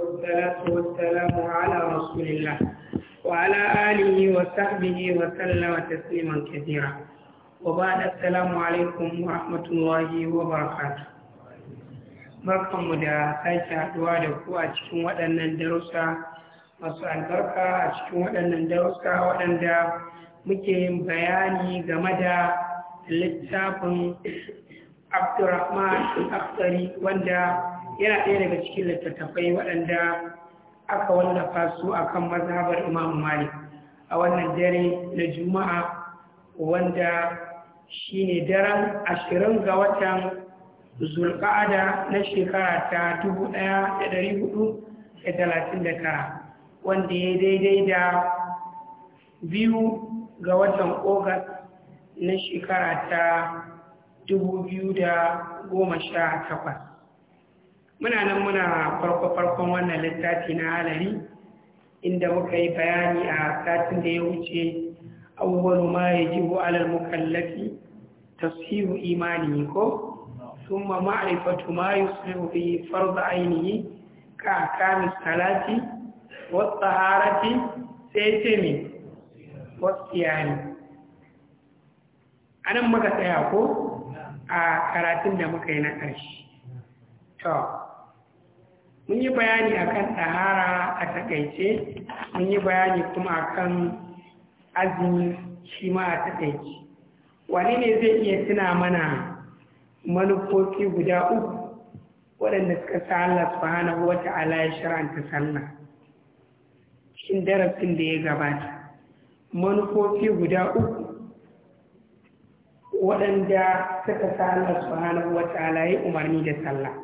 والصلاة والسلام على رسول الله وعلى آله وصحبه وسلم تسليما كثيرا وبعد السلام عليكم ورحمة الله وبركاته barkanmu da sake haɗuwa da ku a cikin waɗannan darussa masu albarka a cikin waɗannan darussa waɗanda muke yin bayani game da littafin abdurrahman aftari wanda yana ɗaya daga cikin littattafai waɗanda aka wallafa su a kan mazhabar Imam mali a wannan dare na Juma'a wanda shi ne daren ashirin ga watan Zulqa'ada na shekara ta 1439 wanda ya daidai da biyu ga watan Ogas na shekara ta 2018 muna nan muna farko-farkon wannan littafi na halari inda muka yi bayani a satin da ya wuce abubuwan ma ya ji alal mukallafi tasiru imani ko sun ma ma'arifatu ma yi su fi farza ainihi ka kamis salati wata harafi, sai ce mai wasu yari a nan muka tsaya ko a karatun da muka yi na ƙarshe. mun yi bayani akan ɗahara a takaice mun yi bayani kuma akan azumi shi ma a takaice wani ne zai iya tuna mana manufofi guda uku waɗanda suka sa Allah hana wata ta'ala ya shar'anta sallah cikin darasin da ya gabata manufofi guda uku waɗanda suka sa Allah subhanahu wa ta'ala ya umarni da sallah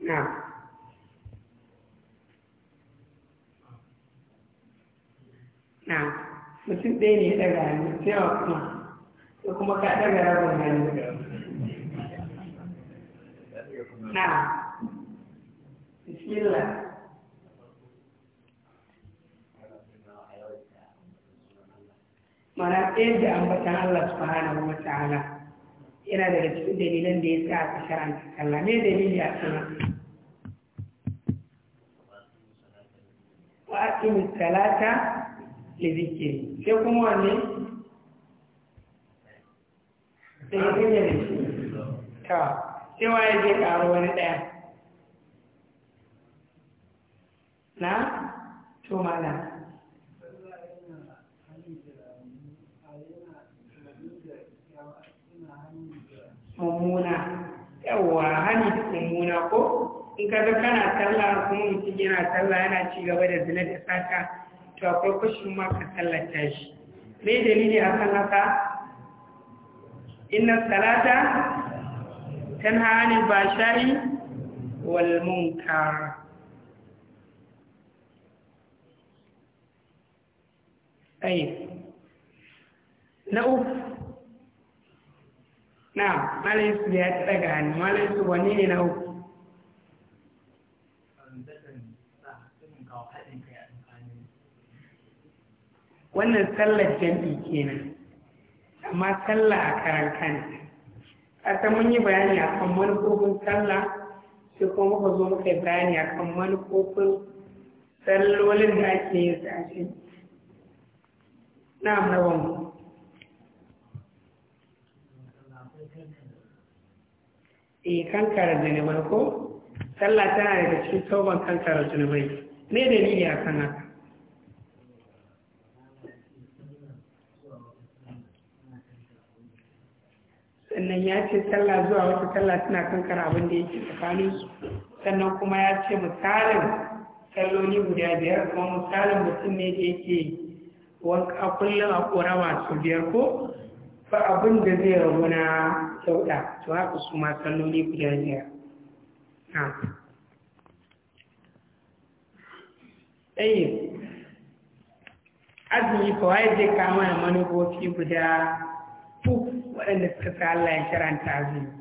na Ah, mutum ɗaya ne ya ɗaga hannu sai wa kuma ko kuma ka ɗaga rabin hannu na bismillah mana ɗaya da ambatan Allah subhanahu wa ta'ala yana daga cikin dalilan da ya sa aka sharanta Allah ne dalili a sana wa aqimu salata lizikiri sai kuma wane sai ya kunya da shi ta sai wa ya je wani ɗaya na to mana mummuna yawwa hani mummuna ko in ka ga kana sallah kuma mutum yana sallah yana ci gaba da zina da sata to akwai kushin ma ka sallata shi me dalili a kan haka inna salata tanha anil bashari wal munkar طيب نقف نعم ما ليس بيتبقى عنه ما ليس ونيني نقف wannan sallar jam'i kenan amma sallah a karanta ne haka mun yi bayani a kan manufofin sallah sai kuma muka zo muka yi bayani kan manufofin sallolin da ake yin su a cikin mu na wani e eh, kankara zunubai ko sallah tana daga cikin tauban kankara zunubai me dalili akan haka Sannan ya ce sallah zuwa wata sallah suna kankara abin da yake tsakanin su sannan kuma ya ce misalin salloli guda biyar kuma misalin mutum ne da yake wanka kullum a kora masu biyar ko ba abin da zai rabu na kyauɗa to haka su ma salloli guda biyar ɗaya azumi kawai zai kama da manufofi guda waɗanda suka sa Allah ya karanta azumi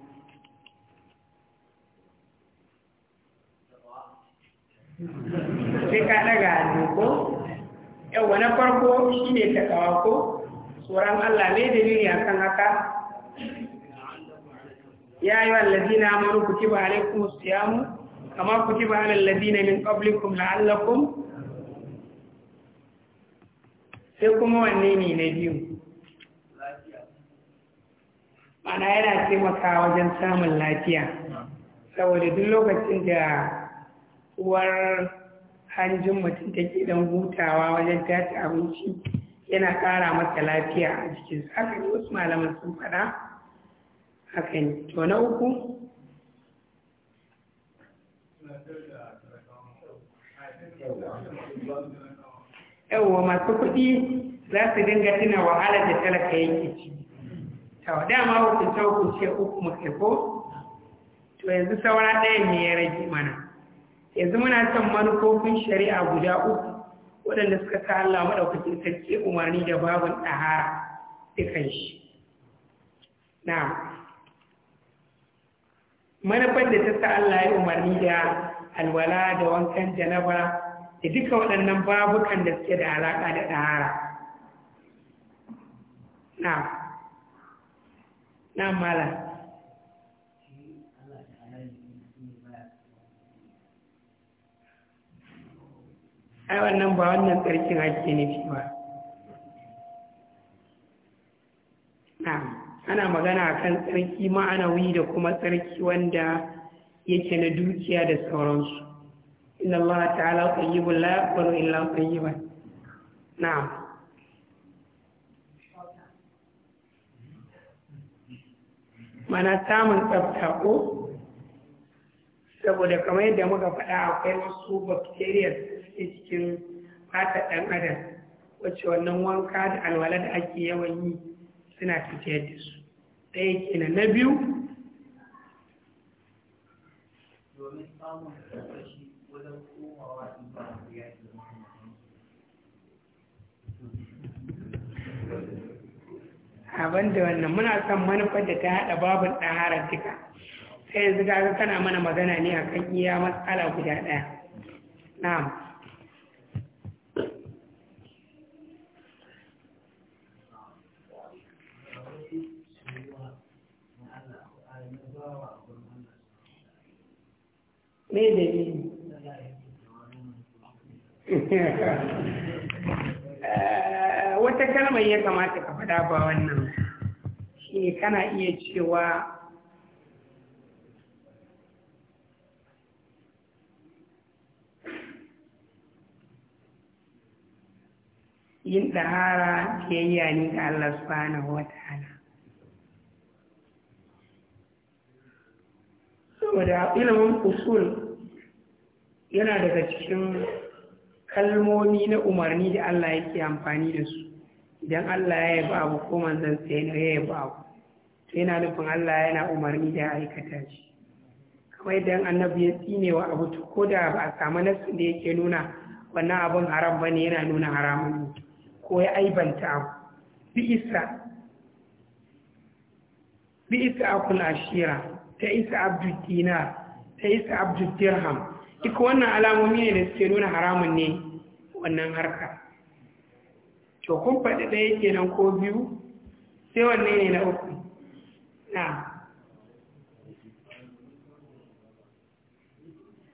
sai ka ɗaga hannu ko yawa na farko shi ne ta kawa ko tsoron Allah mai dalili a kan haka ya yi wallazi na amuru ku ci ba alaikum siyamu kama ku ci ba alallazi na min qablikum la'allakum sai kuma wanne ne na biyu mana yana taimaka wajen samun lafiya saboda duk lokacin da uwar hanjin mutum take don hutawa wajen tace abinci yana ƙara masa lafiya a jikin haka ne wasu malaman sun faɗa haka ne to na uku yawwa masu kuɗi za su dinga tuna wahalar da talaka yake ci yawa dama hukunce hukunce uku muke ko to yanzu saura ɗaya ne ya rage mana yanzu muna son manufofin shari'a guda uku waɗanda suka sa Allah maɗaukakin sarki umarni da babin ɗahara dukan shi na manufar da ta sa Allah ya umarni da alwala da wankan janaba da duka waɗannan babukan da suke da alaƙa da ɗahara na na mala ai wannan ba wannan tsarkin ne fi ba ana magana a kan tsarki ma'anawi da kuma tsarki wanda yake na dukiya da sauransu inna allaha ta'ala tayyibun la yaqbalu illa tayyiban na'am mana samun tsafta ko saboda kamar yadda muka faɗa akwai wasu bacteria da suke cikin fata ɗan adam wacce wannan wanka da alwala da ake yawan yi suna fitar da su ɗaya kina na biyu abin da wannan muna son manufar da ta haɗa babin ɗaharar harantika, sai yanzu ga kana mana magana ne a kan iya matsala guda ɗaya na'am me wata kalmar ya kamata ka faɗa ba wannan shi kana iya cewa yin ɗahara biyayya ne ga Allah subhanahu wa ta'ala saboda ilimin usul yana daga cikin kalmomi na umarni da Allah yake amfani da su idan Allah ya yi babu ko sai ne ya yi babu to yana nufin Allah yana umarni da aikata shi kamar idan annabi ya tsine wa abu to ko da ba a samu nasu da yake nuna wannan abin haram bane yana nuna haramun ko ya aibanta abu bi isa bi isa akun ashira ta isa abdul dinar ta isa abdul dirham duk wannan alamomi ne da suke nuna haramun ne wannan harkar. to kun faɗi ɗaya nan ko biyu sai wanne ne na uku na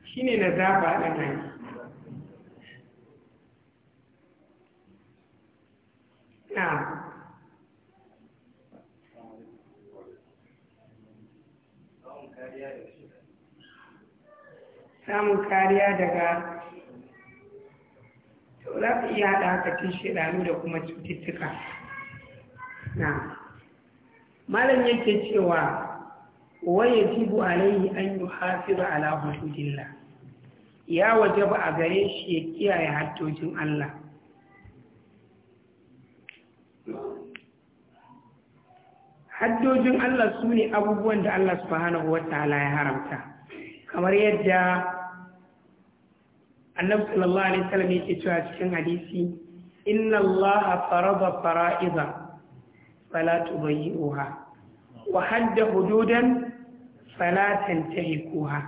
shi ne na zafa ɗan nan, na samun kariya daga za ka iya haɗa haka shaidanu da kuma cututtuka na malam yake cewa waye jibu alaihi an yi hafiza ala hududillah ya waje ba a gare shi ya kiyaye hattocin Allah haddojin Allah su ne abubuwan da Allah subhanahu wa ta'ala ya haramta kamar yadda annabi sallallahu alaihi wasallam yake cewa cikin hadisi inna allaha farada fara'iza fala tubayyi'uha wa hadda hududan fala tantahikuha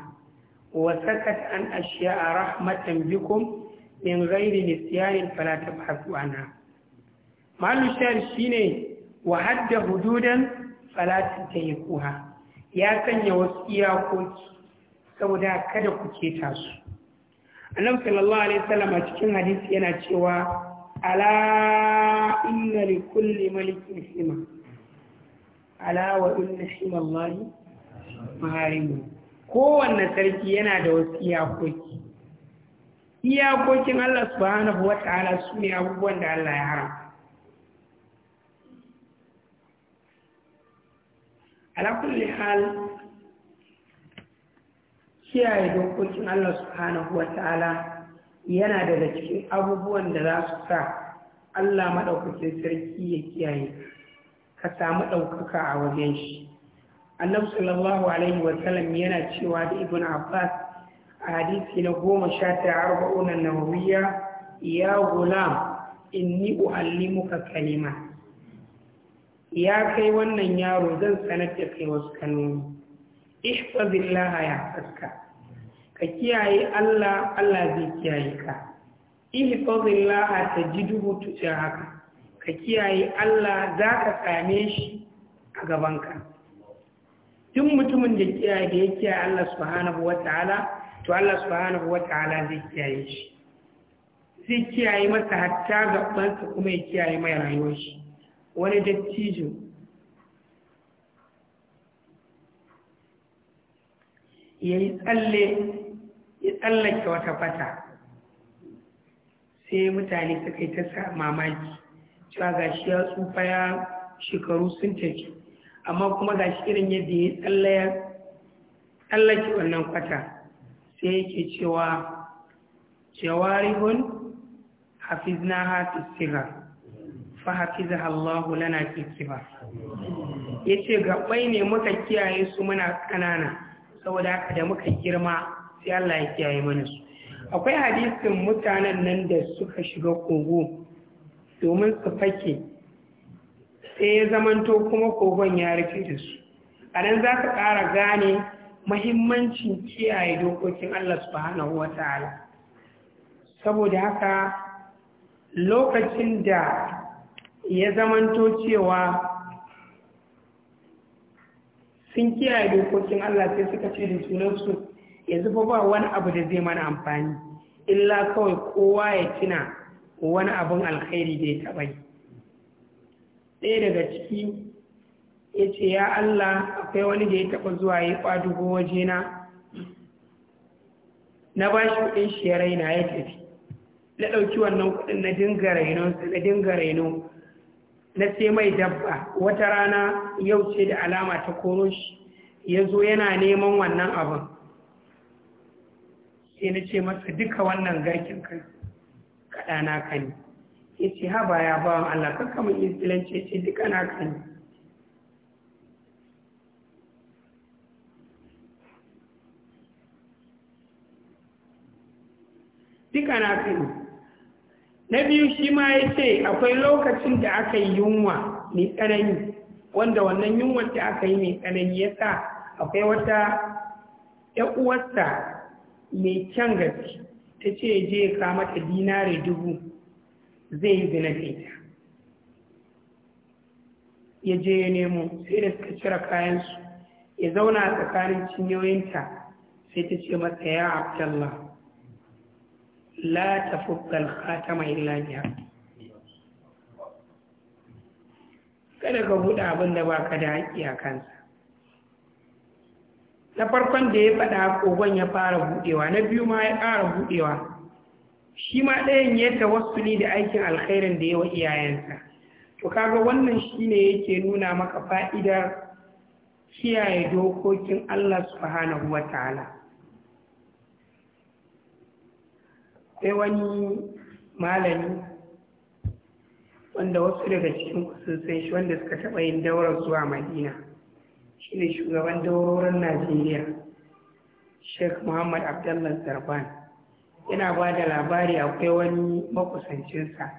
wa sakata an ashiya'a rahmatan bikum min ghairi nisyanin fala tabhasu anha malu shar shine wa hadda hududan fala tantahikuha ya sanya wasu iyakoki saboda kada ku keta su annabi sallallahu alaihi wasallam a cikin hadisi yana cewa ala inna li kulli malikin hima ala wa inna hima Allah maharimu kowanne sarki yana da wasu iyakoki iyakokin Allah subhanahu wa ta'ala su ne abubuwan da Allah ya haram ala kulli hal kiyaye dokokin Allah subhanahu wa ta'ala yana daga cikin abubuwan da za su sa Allah maɗaukacin sarki ya kiyaye ka samu ɗaukaka a wajen shi annabi sallallahu alaihi wa yana cewa da ibn abbas a hadisi na goma sha ta arba'una nawawiya ya gulam inni muka kalima ya kai wannan yaro zan sanar da kai wasu kalmomi ihfazillaha ya haska ka kiyaye Allah Allah zai kiyaye ka ihfazillaha tajidhu haka. ka kiyaye Allah za ka same shi a gabanka duk mutumin da kiyaye da ya kiyaye Allah subhanahu wata'ala to Allah subhanahu wata'ala zai kiyaye shi zai kiyaye masa hatta ga kuma ya kiyaye mai rayuwar shi wani dattijo ya yi tsalle ya tsallake wata fata sai mutane suka yi ta sa mamaki cewa ga shi ya tsufa ya shekaru sun tafi amma kuma ga shi irin yadda ya tsallake wannan fata, sai yake cewa jawarihun na Hafiz sigar fa hafiz Allahu lana fi ya yace gabai ne muka kiyaye su muna ƙanana. saboda haka da muka girma sai Allah ya kiyaye mana su akwai hadisin mutanen nan da suka shiga kogo domin su fake sai ya zamanto kuma kogon ya rufe da su a nan za ka ƙara gane mahimmancin kiyaye dokokin Allah subhanahu wa ta'ala saboda haka lokacin da ya zamanto cewa sun kiyaye dokokin Allah sai suka ce da sunansu yanzu fa ba wani abu da zai mana amfani illa kawai kowa ya tuna wani abin alkhairi da ya taɓa yi ɗaya daga ciki ya ce ya Allah akwai wani da ya taɓa zuwa ya ƙwadugo wajena na ba shi kuɗin shi ya raina ya tafi na ɗauki wannan kuɗin na dinga raino na dinga raino na sai mai dabba wata rana yau ce da alama ta koro shi ya zo yana neman wannan abin sai na ce masa duka wannan garkin kan kaɗa na ka ne ya ce haba ya bawan Allah kakamin isilance ce duka na ka ne duka na ka ne na biyu shi ma ya ce akwai lokacin da aka yi yunwa mai tsanani wanda wannan yunwa da aka yi mai tsanani ya sa akwai wata uwarsa mai kyan gaske ta ce je kama ta dinare dubu zai yi zinafeta ya je ya nemo sai da suka cire kayansu ya zauna a tsakanin cinyoyinta sai ta ce masa ya abdallah la tafukka al-khatama illa kada ka buɗe abin da baka da haƙƙi a kansa na farkon da ya faɗa kogon ya fara buɗewa na biyu ma ya ƙara buɗewa shi ma ɗayan ya tawassuli da aikin alkhairin da ya wa iyayensa to kaga wannan shine yake nuna maka fa'idar kiyaye dokokin Allah subhanahu wataala sai wani malami wanda wasu daga cikin sun shi wanda suka taɓa yin daurar zuwa madina shi ne shugaban daurorin najeriya sheikh muhammad abdullah zarban yana ba da labari akwai wani makusancinsa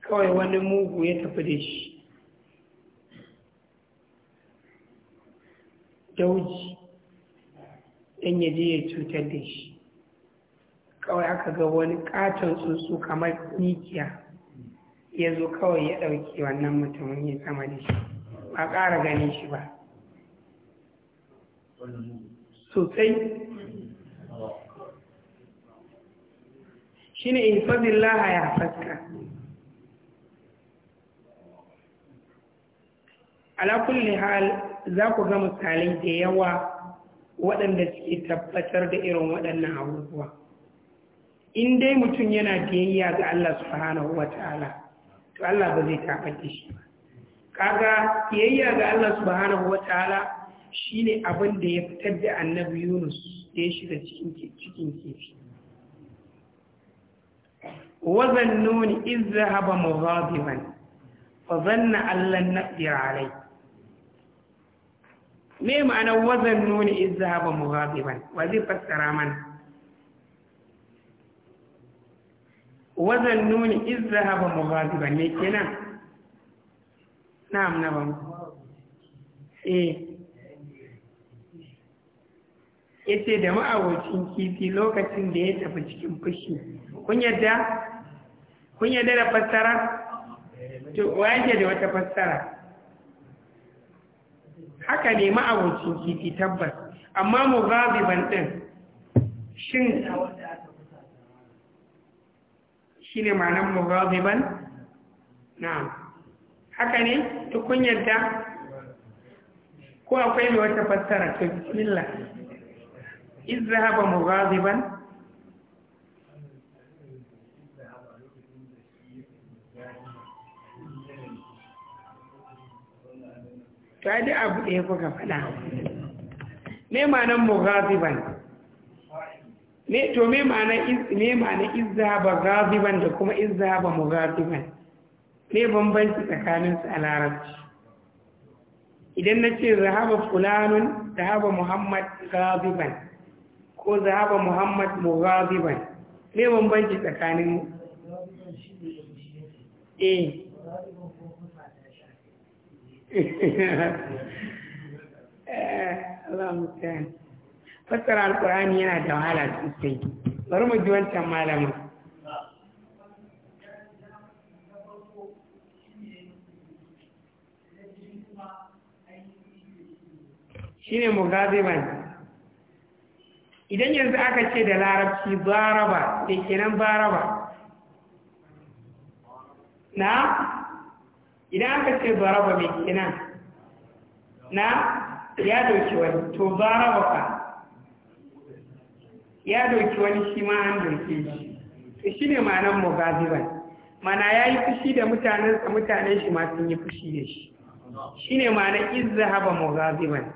kawai wani mugu ya tafi da shi dauji ɗan ya je ya cutar da shi kawai aka ga wani katon tsuntsu kamar nikiya ya zo kawai ya ɗauki wannan mutumin ya sama da shi ba ƙara ganin shi ba sosai shi ne infazin lahaya faska alakun hal za ku ga misalai da yawa waɗanda suke tabbatar da irin waɗannan abubuwa in dai mutum yana biyayya ga Allah subhanahu wa ta'ala to Allah ba zai taɓa shi ba kaga biyayya ga Allah subhanahu wa ta'ala shine abin da ya fitar da annabi Yunus da ya shiga cikin cikin kifi wazan nuni iz zahaba mughadiban fa zanna Allah naqdir alai me ma'anar wazan nuni iz zahaba mughadiban wa zai fassara mana wazan nuni izahaba mughadiban ne kenan na'am na bam eh yace da ma'awacin kifi lokacin da ya tafi cikin fushi kun yadda kun yadda da fassara to waje da wata fassara haka ne ma'awacin kifi tabbas amma mughadiban din shin shine ma'anar mughadiban na'am haka ne tukunyarta ko akwai mai wata fassara to bismillah izhaba mughadiban to yi abu ɗaya kuka faɗa ne ma'anar mughadiban me to me ma'ana me ma'ana izhaba ghadiban da kuma izhaba mughadiban me bambanci tsakanin su a larabci idan na ce zahaba fulanun zahaba muhammad ghadiban ko zahaba muhammad mughadiban me bambanci tsakanin eh, eh Allah mutane fassara alkur'ani yana da wahala sosai bari mu ji wancan malamin shine mugaziban idan yanzu aka ce da larabci baraba ke kenan baraba na idan aka ce baraba mai kenan na ya dauki wani to baraba ka ya dauki wani shi ma an dauke shi to shi ne ma'anar mugaziban mana ya yi fushi da mutanensa mutanen shi ma sun yi fushi da shi shi ne ma'anar izahaba mugaziban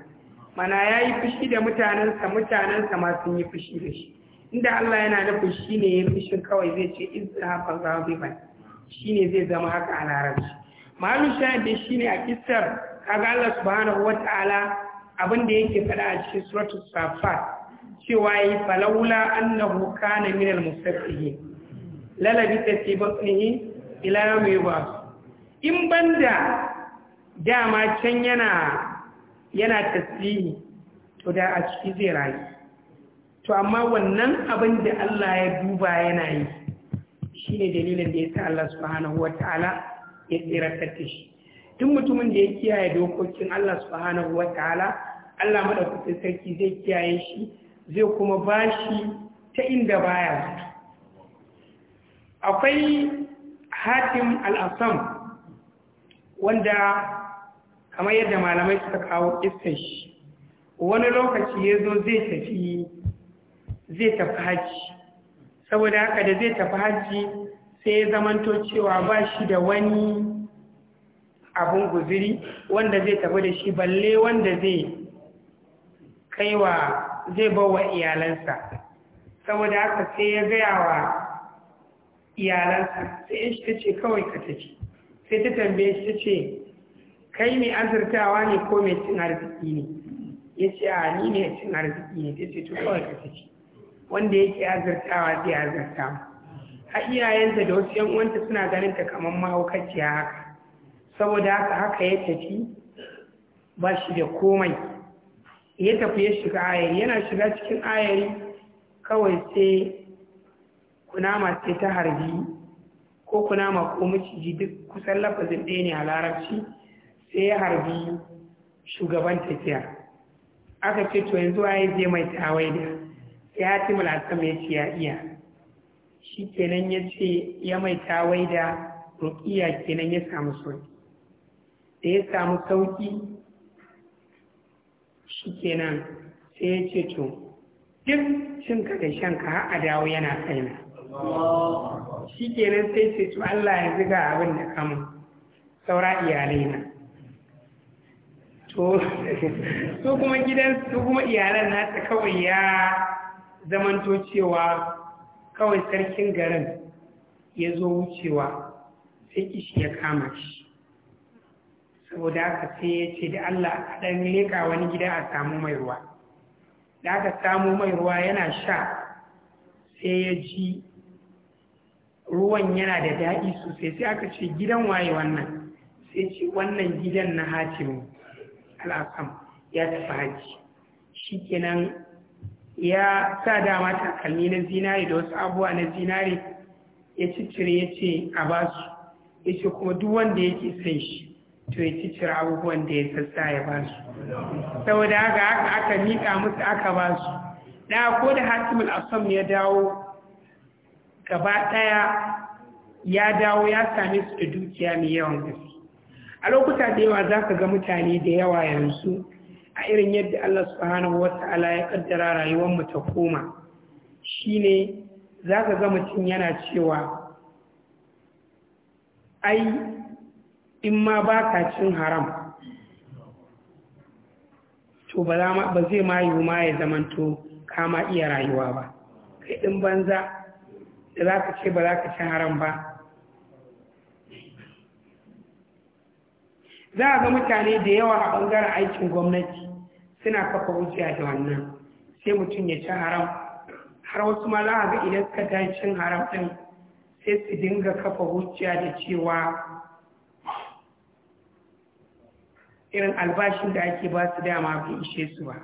mana ya yi fushi da mutanensa mutanensa ma sun yi fushi da shi inda Allah yana nufin shi ne ya fushin kawai zai ce izahaba mugaziban shi ne zai zama haka a larabci malu shahid shi ne a kisar kaga Allah subhanahu wataala abin da yake faɗa a cikin suratul safat cewa yi falaula annahu kana min al-musaffihi lalabi ta ce ila yawmi ba in banda dama can yana yana tasbihi to da a ciki zai rayu to amma wannan abin da Allah ya duba yana yi shine dalilin da yasa Allah subhanahu wataala ya tsira da shi duk mutumin da ya kiyaye dokokin Allah subhanahu wataala Allah madaukakin sarki zai kiyaye shi zai kuma bashi ta inda baya akwai hatim al'asam wanda kamar yadda malamai suka kawo iskan shi wani lokaci ya zo zai tafi zai tafi hajji saboda haka da zai tafi hajji sai ya zamanto cewa ba shi da wani abin guziri wanda zai tafi da shi balle wanda zai kaiwa zai bawa iyalansa saboda haka sai ya gaya wa iyalansa sai in shi ta ce kawai ka tafi sai ta tambaye shi ta ce kai mai azurtawa ne ko mai cin arziki ne ya ce a ni ne cin arziki ne ta ce to kawai ka tafi wanda yake azurtawa zai azurta mu a iyayenta da wasu yan uwanta suna ganin ta kamar mahaukaciya haka saboda haka haka ya tafi ba shi da komai ya tafi ya shiga ayari yana shiga cikin ayari kawai sai kunama sai ta harbi ko kunama ko maciji duk kusan lafazin ɗaya ne a larabci sai ya harbi shugaban tafiya aka ce to yanzu waye zai mai tawaida ya hatimul asam ya ce ya iya shi kenan ya ce ya mai tawaida rukiya kenan ya samu sauki da ya samu sauki shikenan sai ya ce to duk ka da shanka har a dawo yana kaina shikenan sai ce to Allah ya ziga abin da kama, saura iyalai na to kuma gidan su kuma iyalan nasa kawai ya zamanto cewa kawai sarkin garin ya zo wucewa sai kishi ya kama shi saboda haka sai ya ce da Allah a ɗan leƙa wani gida a samu mai ruwa da aka samu mai ruwa yana sha sai ya ji ruwan yana da daɗi sosai sai aka ce gidan waye wannan sai ce wannan gidan na hatimu al'asam ya tafi haji shi kenan ya sa dama takalmi na zinari da wasu abuwa na zinari ya ciccire ya ce a basu ya ce kuma duk wanda yake son shi to ya abubuwan da ya sassa ya ba su saboda haka aka aka miƙa musu aka ba su da ko da hatimul asam ya dawo gaba ɗaya ya dawo ya same su da dukiya mai yawan gaske a lokuta da yawa za ka ga mutane da yawa yanzu a irin yadda Allah subhanahu wa ta'ala ya kaddara rayuwar mu ta koma shine za ka ga mutum yana cewa ai in ma ba ka cin haram to ba zai ma yi ma ya zamanto kama iya rayuwa ba kai ɗin banza da za ka ce ba za ka cin haram ba za a ga mutane da yawa a ɓangaren aikin gwamnati suna kafa hujja da wannan sai mutum ya ci haram har wasu ma za a ga idan suka ta cin haram ɗin sai su dinga kafa hujja da cewa irin albashin da ake ba su dama bai ishe su ba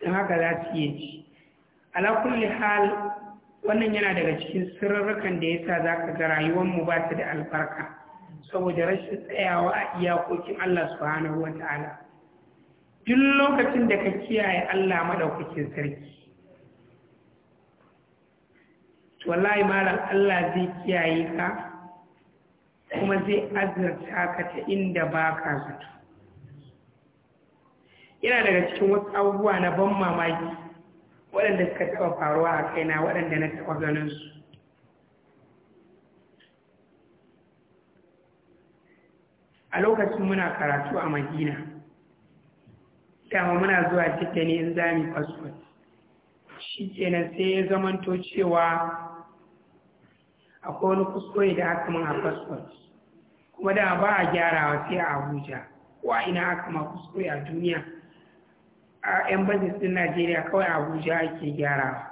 don haka za su iya ci ala hal wannan yana daga cikin sirrarrakan da yasa za ka ga rayuwarmu ba su da albarka saboda rashin tsayawa a iyakokin Allah subhanahu wa ta'ala duk lokacin da ka kiyaye Allah maɗaukakin sarki wallahi malam Allah zai kiyaye ka kuma zai azurta ka ta inda ba ka zato yana daga cikin wasu abubuwa na ban mamaki waɗanda suka taɓa faruwa a kaina waɗanda na taɓa ganin su a lokacin muna karatu a madina dama muna zuwa cikin yin in fasfot shi sai ya zamanto cewa akwai wani kuskure da aka min a fasfot kuma da ba a gyarawa sai a abuja wa ina aka ma kuskure a duniya a embassies din Najeriya kawai Abuja ake gyara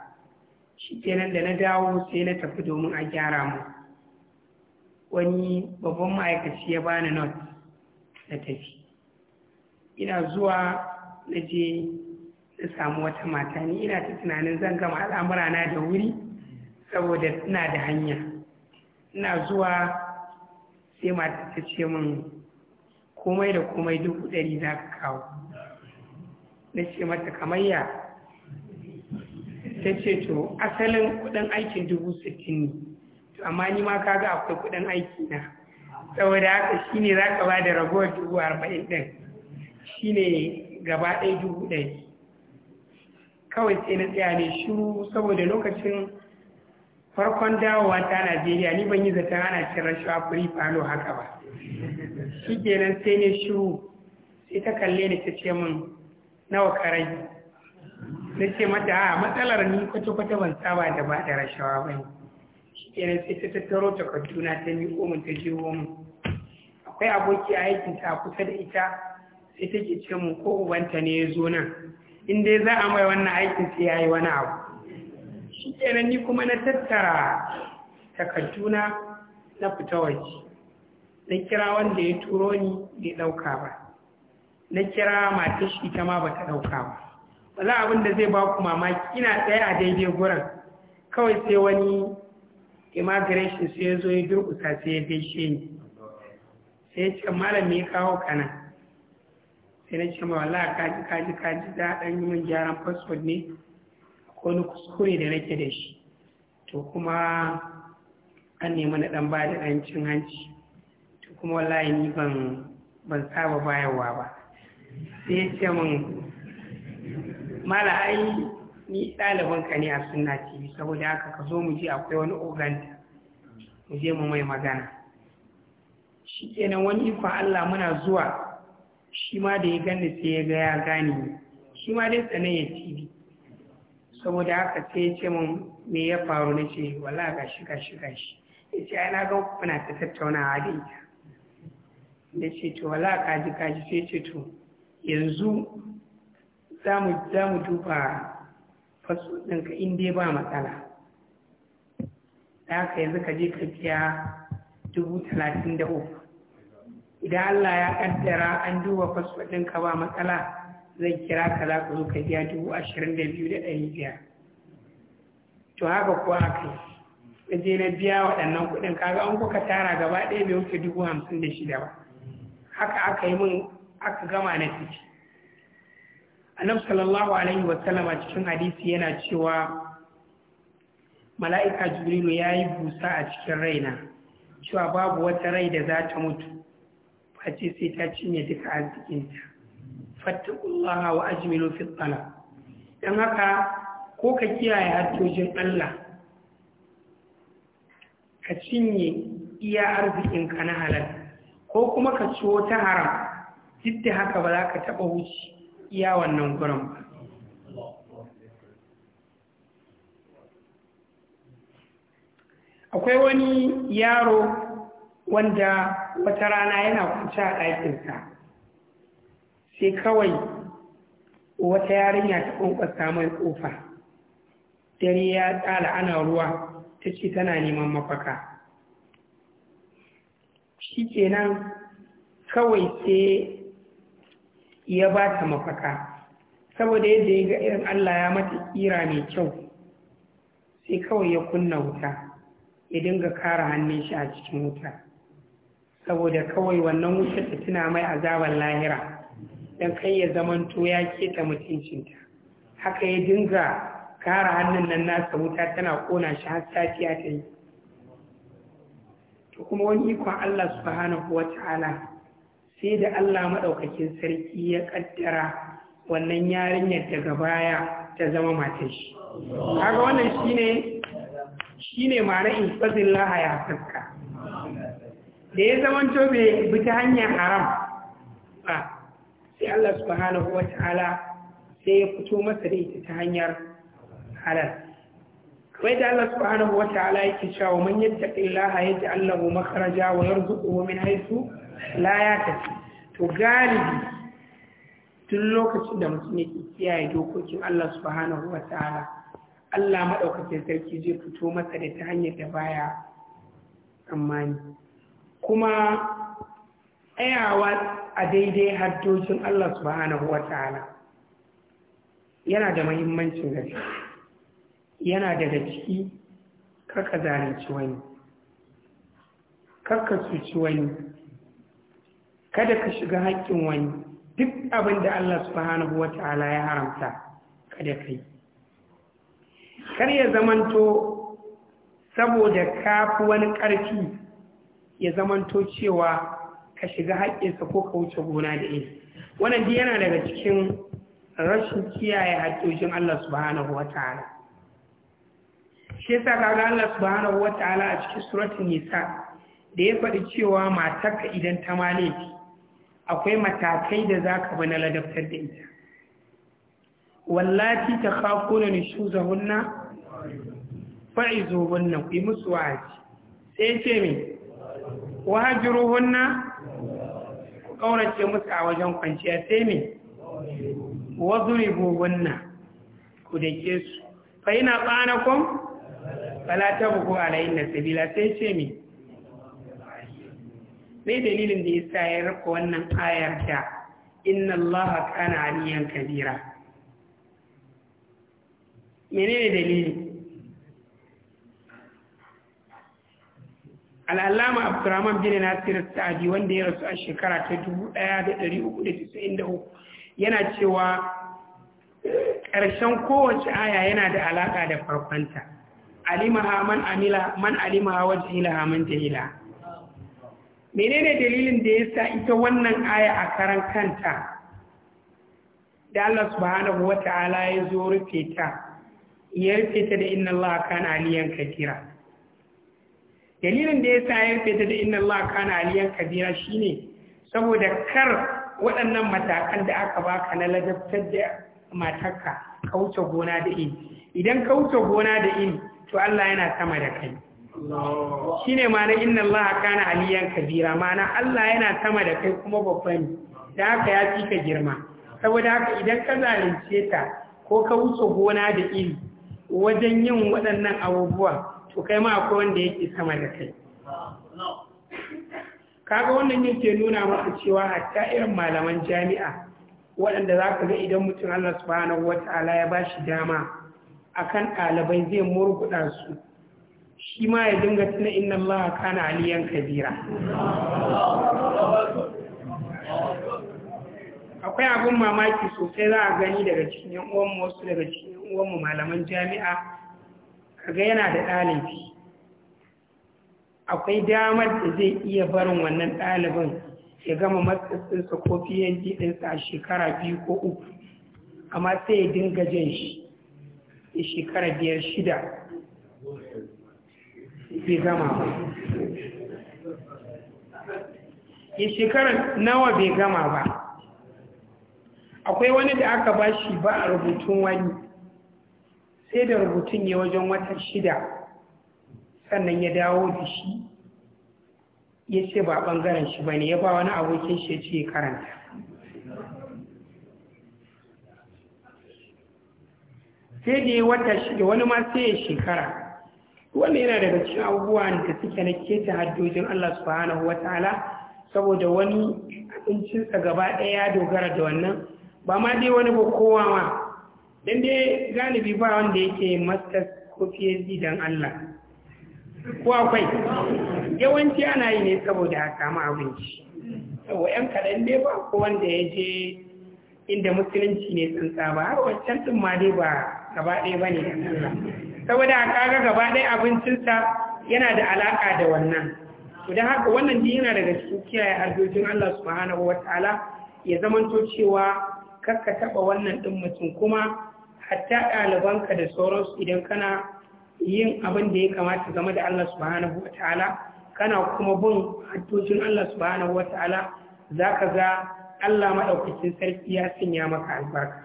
shi kenan da na dawo sai na tafi domin a gyara mu wani babban ma'aikaci ya bani not na tafi ina zuwa na je na samu wata mata ni ina ta tunanin zan gama al'amura na da wuri saboda ina da hanya ina zuwa sai mata ta ce min komai da komai duk ɗari za ka kawo na ce mata kamayya ta ce to asalin kudin aikin dubu sittin ne to amma ni ma kaga akwai kudin aiki na saboda haka shine za ka ba da ragowar dubu arba'in ɗin shine gaba ɗaya dubu ɗari kawai sai na tsaya ne shiru saboda lokacin farkon dawowa ta najeriya ni ban yi zaton ana cin rashawa firi falo haka ba shi kenan sai ne shiru sai ta kalle ni ta ce min nawa karai na ce mata a matsalar ni kwata-kwata ban saba da ba da rashawa ba ne yana sai ta tattaro ta kaduna ta miƙo min ta jiwo mu akwai aboki a aikin ta kusa da ita sai ta ke ce mu ko ubanta ne ya zo nan in dai za a mai wannan aikin sai ya yi wani abu shi kenan ni kuma na tattara takarduna na fita waje na kira wanda ya turo ni bai ɗauka ba na kira matar shi ita ma bata ɗauka ba wala abin da zai ba ku mamaki ina tsaye a daidai gurin kawai sai wani immigration sai ya zo ya durkusa sai ya gaishe ni sai ya ce malam me kawo kana sai na ce ma wallahi kaji kaji kaji da dan yi min gyaran passport ne ko ni kuskure da nake da shi to kuma an nemi na ɗan ba da ɗan cin hanci to kuma wallahi ni ban ban saba bayarwa ba sai ya ce min mala ni ɗaliban ka ne a sunna tv saboda haka ka zo mu ji akwai wani oganta mu je mu mai magana shi kenan wani ikon allah muna zuwa shi ma da ya gani sai ya ga ya gani shi ma dai tsanan ya tv saboda haka sai ya ce min me ya faru na ce wala ga gashi gashi ya ce ai na ga kuna ta tattaunawa da ita da ce to wala kaji kaji sai ce to yanzu za mu duba fasu ɗinka inda ba matsala ɗaka yanzu ka je ka biya dubu talatin da uku idan allah ya ƙaddara an duba fasu ɗinka ba matsala zai kira ka za ka zo ka biya dubu ashirin da biyu da ɗari biyar to haka kuwa aka ka je na biya waɗannan kuɗin kaga an kuka tara gaba ɗaya bai wuce dubu hamsin da shida ba haka aka yi min aka gama na ciki annabi sallallahu alaihi wasallam a cikin hadisi yana cewa mala'ika jibrilu ya yi busa a cikin raina cewa babu wata rai da za ta mutu face sai ta cinye duka arzikinta fattakullaha wa ajmilu fi don haka ko ka kiyaye hatojin allah ka cinye iya arzikinka na halal ko kuma ka ciwo ta haram duk da haka ba za ka taɓa wuce iya wannan gurin ba akwai wani yaro wanda wata rana yana kwanci a ɗakinsa sai kawai wata yarinya ta ƙwanƙwasa mai ƙofa dare ya tsala ana ruwa ta ce tana neman mafaka shi kenan kawai sai ya ba ta mafaka saboda yadda ya ga irin Allah ya mata kira mai kyau sai kawai ya kunna wuta ya dinga kara hannun shi a cikin wuta saboda kawai wannan wutar ta tuna mai azaban lahira don kai ya zamanto ya keta mutuncinta haka ya dinga kara hannun nan nasa wuta tana kona shi har safiya ta yi to kuma wani ikon Allah subhanahu wa sai da Allah maɗaukakin sarki ya ƙaddara wannan yarinyar daga baya ta zama matar shi haka wannan shine ne ma'ana in fazin lahaya sarka da ya zama tobe bita ta hanyar haram ba sai Allah subhanahu wa ta'ala sai ya fito masa da ita ta hanyar halal wai da Allah subhanahu wa ta'ala yake cewa man yattaqillaha yaj'al lahu makhraja wa yarzuquhu min haythu la yahtasib to galibi tun lokacin da mutum yake kiyaye dokokin Allah subhanahu wa ta'ala Allah madaukakin sarki zai fito masa da ta hanyar da baya tsammani kuma tsayawa a daidai haddojin Allah subhanahu wa ta'ala yana da muhimmancin gaske yana daga ciki karka zalunci wani karka cuci wani kada ka shiga haƙƙin wani duk abin da Allah subhanahu ta'ala ya haramta kada ka yi kar ya zamanto saboda ka wani ƙarfi ya zamanto cewa ka shiga haƙƙinsa ko ka wuce gona da iri wannan duk yana daga cikin rashin kiyaye haƙƙojin Allah subhanahu ta'ala. shi yasa kaga Allah subhanahu wataala a cikin suratul nisa da ya faɗi cewa matarka idan ta male ki akwai matakai da zaka bi na ladabtar da ita wallati takhafuna nushuzahunna fa'izuhunna ku yi musu wa'azi sai ce me wahajiruhunna ku kaurace musu a wajen kwanciya sai me wazuribuhunna ku dake su fa ina qanakum fala ta buku alayin da sabila sai ce mi mai dalilin da isa ya rufe wannan ayar da inna allaha kana aliyan kabira menene dalili al'allama abdurrahman bin nasir sa'adi wanda ya rasu a shekara ta uku, yana cewa ƙarshen kowace aya yana da alaƙa da farkonta alimaha man amila man alimaha wajhilaha man jahila menene dalilin da yasa ita wannan aya a karan kanta da Allah subhanahu wata'ala ya zo rufe ta ya rufe ta da inna Allah kana aliyan kabira dalilin da yasa ya rufe ta da inna Allah kana aliyan kabira shine saboda kar waɗannan matakan da aka baka na ladabtar da matarka ka wuce gona da ini idan ka gona da ini to Allah yana sama da kai shi ne ma'ana inna Allah kana aliyan kabira ma'ana Allah yana sama da kai kuma babba ne da haka ya fi ka girma saboda haka idan ka zalunce ta ko ka wuce gona da in wajen yin waɗannan abubuwa to kai ma akwai wanda yake sama da kai kaga wannan yake nuna maka cewa hatta irin malaman jami'a waɗanda za ka ga idan mutum Allah subhanahu wa ta'ala ya ba shi dama akan ɗalibai zai murguɗa su shi ma ya dinga tuna inna Allah kana aliyan kabira akwai abin mamaki sosai za a gani daga cikin yan uwanmu wasu daga cikin yan mu malaman jami'a kaga yana da ɗalibi akwai damar da zai iya barin wannan ɗalibin ya gama matsatsinsa ko PND ɗinsa a shekara biyu ko uku amma sai ya dinga jan shi ya shekara biyar shida bai gama ba ya shekara nawa bai gama ba akwai wani da aka ba shi ba a rubutun wani sai da rubutun ya wajen watan shida sannan ya dawo da shi ya ce ba ɓangaren shi ba ne ya ba wani abokin shi ce karanta sai da ya wata shida wani ma sai ya shekara wanda yana daga cikin abubuwan da suke na keta haddojin Allah subhanahu wa ta'ala saboda wani abincinsa gaba ɗaya ya dogara da wannan ba ma dai wani ba kowa ma don dai galibi ba wanda yake masters ko phd don Allah ko akwai yawanci ana yi ne saboda a samu abinci yau yan kaɗan ne ba ko wanda ya je inda musulunci ne tsantsa ba har wancan ɗin ma dai ba gaba ɗaya ba ne saboda a kaga gaba ɗaya abincinsa yana da alaƙa da wannan to don haka wannan din yana daga cikin kiyaye arzikin Allah subhanahu wa ya zamanto cewa karka taɓa wannan ɗin mutum kuma hatta ɗalibanka da sauransu idan kana yin abin da ya kamata game da Allah subhanahu wa kana kuma bin hattocin Allah subhanahu wa ta'ala za ka ga Allah maɗaukacin sarki ya sanya maka albarka.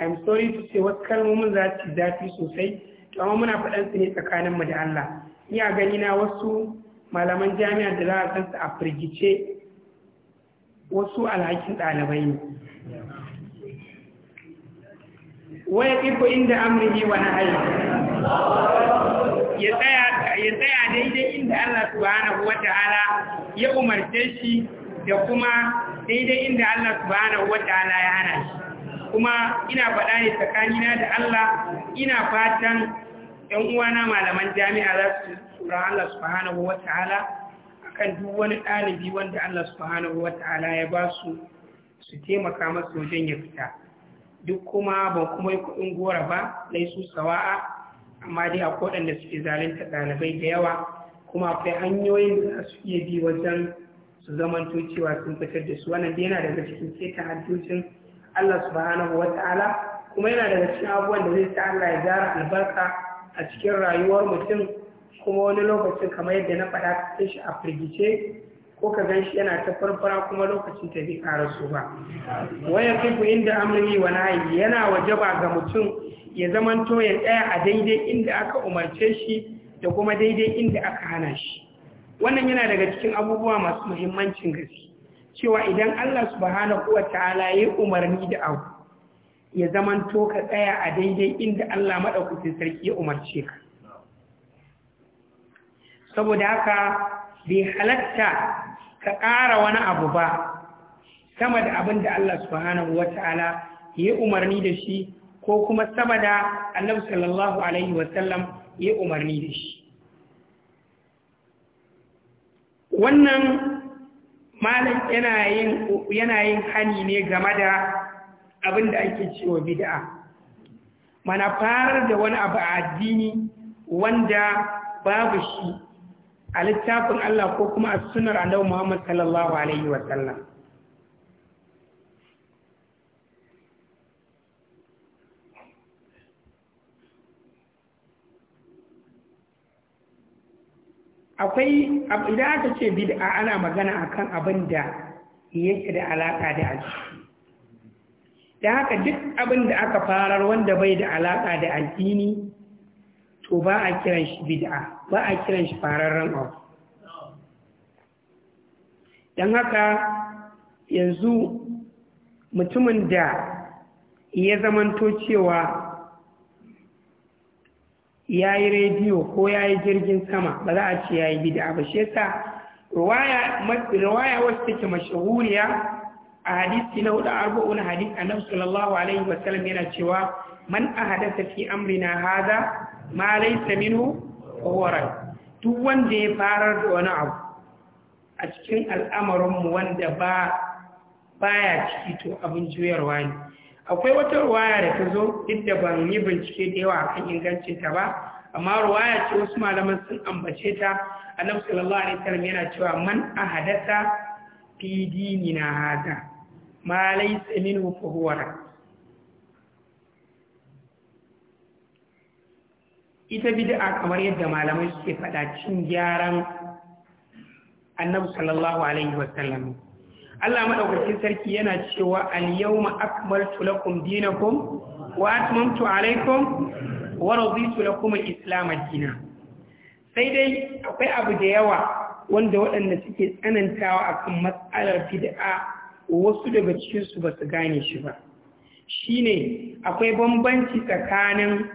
I'm sorry to say wasu kalmomin za su zafi sosai, to amma muna faɗan su ne tsakanin mu da Allah. Ni a gani na wasu malaman jami'a da za a san su a firgice wasu alhakin ɗalibai ne. waya iko inda amrihi wa ya tsaya ya tsaya daidai inda Allah subhanahu wa ta'ala ya umarce shi da kuma daidai inda Allah subhanahu wa ta'ala ya hana shi kuma ina faɗa ne tsakanina da Allah ina fatan ‘yan uwana malaman jami'a za su tsura Allah subhanahu wa ta'ala a kan duk wani ɗalibi wanda Allah subhanahu wa ta'ala ya ba su su taimaka masu wajen ya fita. duk kuma ban kuma yi kuɗin gora ba laisu sawa'a amma dai akwai waɗanda suke zalunta ɗalibai da yawa kuma akwai hanyoyin da za su iya bi wajen su zaman cewa sun fitar da su wannan yana daga cikin keta hajjojin Allah subhanahu wa ta'ala kuma yana daga cikin abubuwan da zai sa Allah ya zara albarka a cikin rayuwar mutum kuma wani lokacin kamar yadda na faɗa kai shi a firgice ko ka gan shi yana ta farfara kuma lokacin ta bi a rasu ba waya kifu inda amri wa nahi yana wajaba ga mutum ya zamanto ya tsaya a daidai inda aka umarce shi da kuma daidai inda aka hana shi wannan yana daga cikin abubuwa masu muhimmancin gaske cewa idan Allah subhanahu wa ta'ala ya umarni da abu ya zamanto ka tsaya a daidai inda Allah madaukakin sarki ya umarce ka saboda haka bai halatta ka ƙara wani abu ba sama da abin da Allah subhanahu Ta'ala ya umarni da shi ko kuma sama da Allah sallallahu alaihi wasallam ya umarni da shi wannan malam yana yin hani ne game da abin da ake cewa bid'a mana farar da wani abu a addini wanda babu shi a littafin Allah ko kuma a sunar annabi Muhammad sallallahu alaihi wa sallam akwai idan aka ce bid'a ana magana akan abin da yake da alaka da aji da haka duk abin da aka farar wanda bai da alaƙa da addini to ba a kiran shi bid'a ba a kiran shi fararren abu don haka yanzu mutumin da ya zamanto cewa ya yi rediyo ko ya yi jirgin sama ba za a ce ya yi bida ba shi yasa riwaya wasu take mashahuriya a hadisi na hudu arba'un hadis annabi sallallahu alaihi wasallam yana cewa man a hadasa fi amrina haza ma laisa minhu kowaran duk wanda ya farar da wani abu a cikin al'amarinmu wanda ba baya ciki to abin juyarwa ne akwai wata ruwaya da ta zo duk da ban yi bincike da yawa akan ingancinta ba amma ruwaya ce wasu malaman sun ambace ta annabi sallallahu alaihi wasallam yana cewa man ahadatha fi dinina hada ma laysa minhu fa huwa ita bid'a kamar yadda malamai suke faɗa cin gyaran annabi sallallahu alaihi wasallam Allah madaukakin sarki yana cewa al-yawma akmaltu lakum dinakum wa atmamtu alaikum wa raditu lakum al-islam dinan sai dai akwai abu da yawa wanda waɗanda suke tsanantawa akan matsalar bid'a wasu daga cikin su ba su gane shi ba shine akwai bambanci tsakanin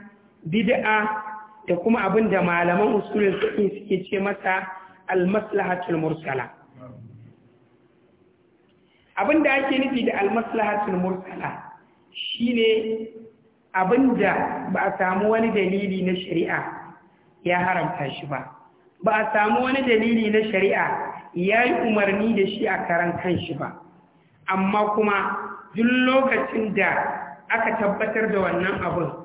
bid'a da kuma abin da malaman usulun fiqh suke ce masa al-maslahatul mursala abin da ake nufi da al-maslahatul mursala shine abin da ba a samu wani dalili na shari'a ya haramta shi ba ba a samu wani dalili na shari'a ya yi umarni da shi a karan shi ba amma kuma duk lokacin da aka tabbatar da wannan abin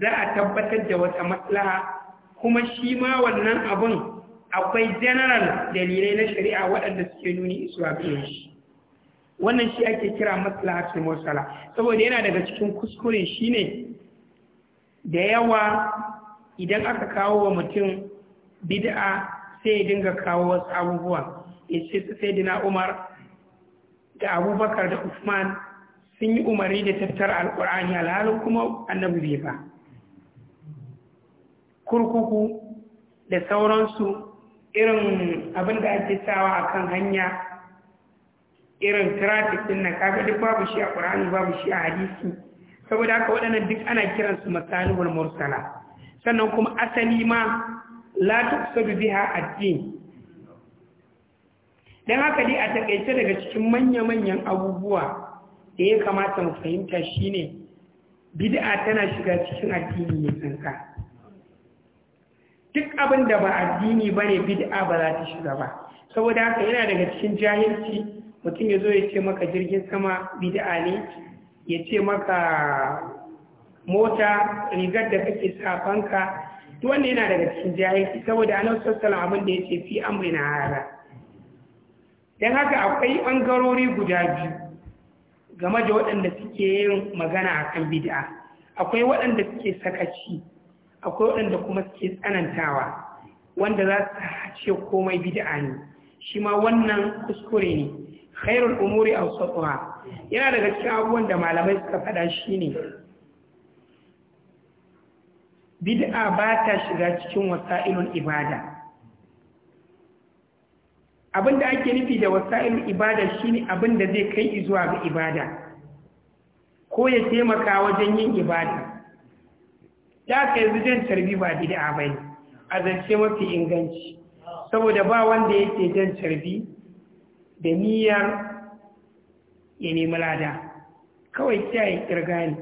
za a tabbatar da wata maslaha kuma shi ma wannan abin akwai general dalilai na shari'a waɗanda suke nuni isuwa biyu shi wannan shi ake kira su mursala saboda yana daga cikin kuskure ne da yawa idan aka kawo wa mutum bid'a sai ya dinga kawo wasu abubuwa ya ce sai dina umar da abubakar da usman sun yi umarni da tattara alkur'ani alhalin kuma annabi bai ba kurkuku da sauransu irin abin da ake sawa a kan hanya irin trafik din na kaga duk babu shi a ƙur'ani babu shi a hadisi saboda haka waɗannan duk ana kiransu masalihul mursala sannan kuma asali ma la tuqsadu biha ad-din dan haka dai a takaice daga cikin manya-manyan abubuwa da ya kamata mu fahimta shine bid'a tana shiga cikin addini ne tsanka duk abin da ba addini ba ne bid'a ba za ta shiga ba saboda haka yana daga cikin jahilci mutum ya zo ya ce maka jirgin sama bid'a ne ya ce maka mota rigar da kake sa fanka duk wanda yana daga cikin jahilci saboda annabi sallallahu abin da ce fi amrina hada dan haka akwai bangarori guda biyu game da waɗanda suke yin magana akan bid'a akwai waɗanda suke sakaci akwai waɗanda kuma suke tsanantawa wanda za su ce komai bid'a ne shi ma wannan kuskure ne khairul umuri awsatuha yana daga cikin abubuwan da malamai suka faɗa shine bid'a ba ta shiga cikin wasa'ilun ibada abinda ake nufi da wasa'ilun ibada shine da zai kai zuwa ga ibada ko ya taimaka wajen yin ibada da aka yanzu jan carbi ba bid'a da bai a zance mafi inganci saboda ba wanda yake jan carbi da niyyar ya nemi lada kawai kiyaye kirga ne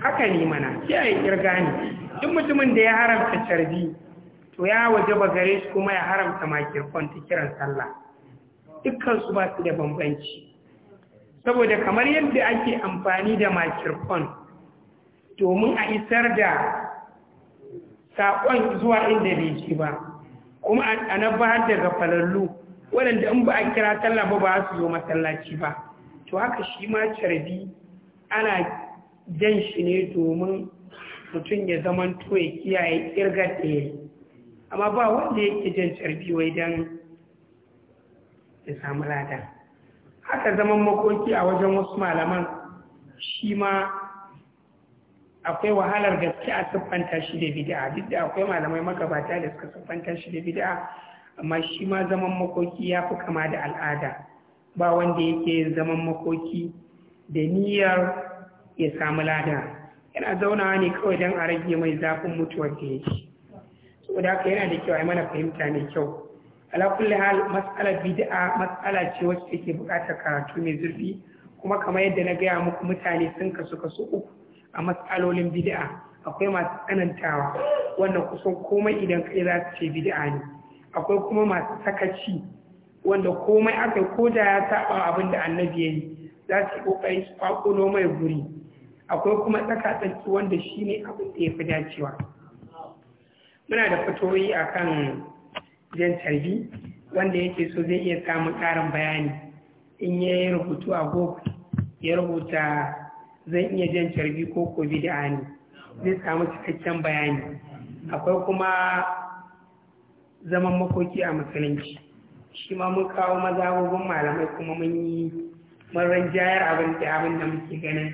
haka ne mana kiyaye kirga ne duk mutumin da ya haramta carbi to ya waje ba gare shi kuma ya haramta makirkon ta kiran sallah dukkansu ba su da bambanci saboda kamar yadda ake amfani da makirkon domin a isar da saƙon zuwa inda bai je ba kuma a na ba daga falallu waɗanda in ba a kira talla ba ba su zo masallaci ba to haka shi ma carbi ana jan shi ne domin mutum ya zaman to ya kiyaye kirga da amma ba wanda yake jan carbi wai don ya samu lada haka zaman makoki a wajen wasu malaman shi ma akwai wahalar gaske a siffanta shi da bid'a duk da akwai malamai magabata da suka siffanta shi da bid'a amma shi ma zaman makoki ya fi kama da al'ada ba wanda yake yin zaman makoki da niyyar ya samu lada yana zaunawa ne kawai don a rage mai zafin mutuwar da yake saboda haka yana da kyau a mana fahimta mai kyau ala kulli hal mas'alar bid'a mas'ala ce wacce take bukatar karatu mai zurfi kuma kamar yadda na gaya muku mutane sun kasu kasu uku a matsalolin bid'a akwai masu tsanantawa wanda kusan komai idan kai za su ce bid'a ne akwai kuma masu sakaci wanda komai aka ko da ya saba abin da annabi ya yi za su kokari su kwakulo mai guri akwai kuma tsaka tsaki wanda shine abin da ya fi dacewa muna da fatoyi akan jan tarbi wanda yake so zai iya samun ƙarin bayani in ya yi rubutu a google ya rubuta zan iya jan carbi ko ko da ne zai samu cikakken bayani akwai kuma zaman makoki a musulunci shi ma mun kawo mazagogon malamai kuma mun yi marar jayar abin da abin da muke ganin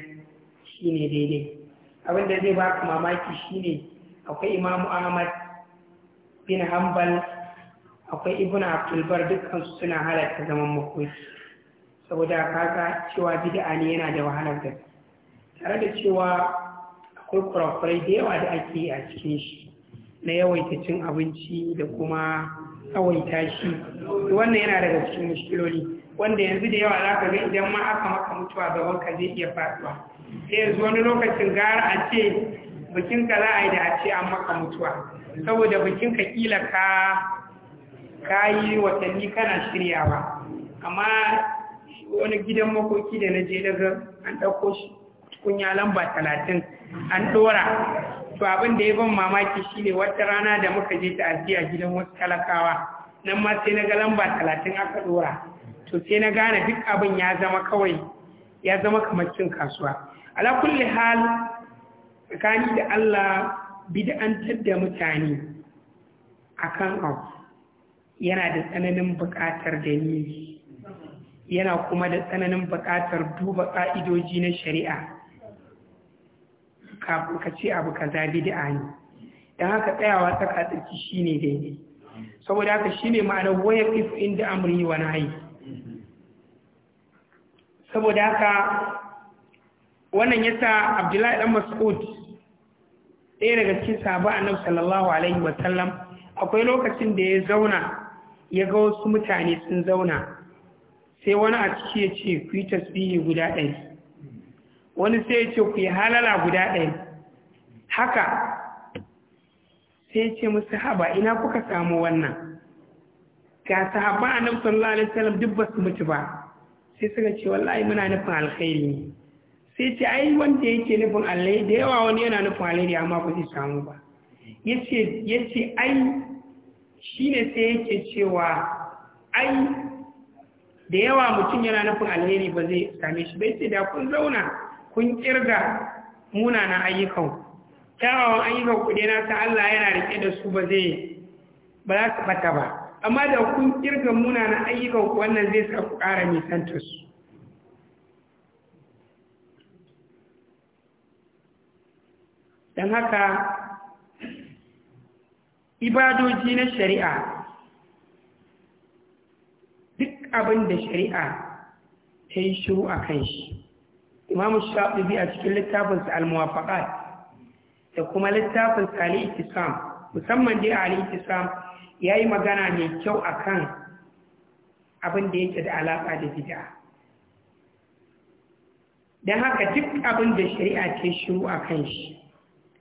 shine daidai abin da zai baka mamaki shine akwai imamu ahmad bin hanbal akwai ibn abdulbar dukkansu suna halatta zaman makoki saboda kaga cewa bid'a ne yana da wahalar gaske tare da cewa akwai kurakurai da yawa da ake a cikin shi na yawaita cin abinci da kuma tsawaita shi wannan yana daga cikin mushkiloli wanda yanzu da yawa za ka ga idan ma aka maka mutuwa gaban wanka zai iya faduwa sai yanzu wani lokacin gara a ce bikinka za a yi da a ce an maka mutuwa saboda ka kila ka ka yi watanni kana shirya ba amma wani gidan makoki da na je daga an ɗauko shi kunya lamba talatin an ɗora to abin da ya ban mamaki shine wata rana da muka je a gidan wasu talakawa nan ma sai na ga lamba talatin aka dora to sai na gane duk abin ya zama kawai ya zama kamar cin kasuwa ala kulli hal tsakani da Allah bid'antar da mutane akan abu yana da tsananin buƙatar ni yana kuma da tsananin bukatar duba ƙa'idoji na shari'a kafin ka ce abu kaza bid'a ne dan haka tsayawa tsaka tsaki shine daidai saboda haka shine ma'anar waya if inda amri wa nahyi saboda haka wannan yasa Abdullahi dan Mas'ud ɗaya daga cikin sahabba Annabi sallallahu alaihi wa sallam akwai lokacin da ya zauna ya ga wasu mutane sun zauna sai wani a ciki ya ce ku yi tasbihi guda ɗari wani sai ya ce ku yi halala guda ɗaya haka sai ce musu haba ina kuka samu wannan ga sahabba a sallallahu alaihi wasallam duk ba su mutu ba sai suka ce wallahi muna nufin alkhairi ne sai ce ai wanda yake nufin alai da yawa wani yana nufin alai amma ba zai samu ba yace yace ai shi ne sai yake cewa ai da yawa mutum yana nufin alheri ba zai same shi bai ce da kun zauna kun kirga munanan ayyukan kyawawan ayyukan ku na san Allah yana rike da su ba zai ba za su ɓata ba amma da kun kirga munanan ayyukan ku wannan zai sa ku ƙara nisanta su don haka ibadoji na shari'a duk abin da shari'a ta yi shiru a kan shi imamu shafi a cikin littafinsa al-muwafaqat da kuma littafin al-ittisam musamman dai al-ittisam yayi magana mai kyau akan abin da yake da alaka da bid'a dan haka duk abin da shari'a ce shiru akan shi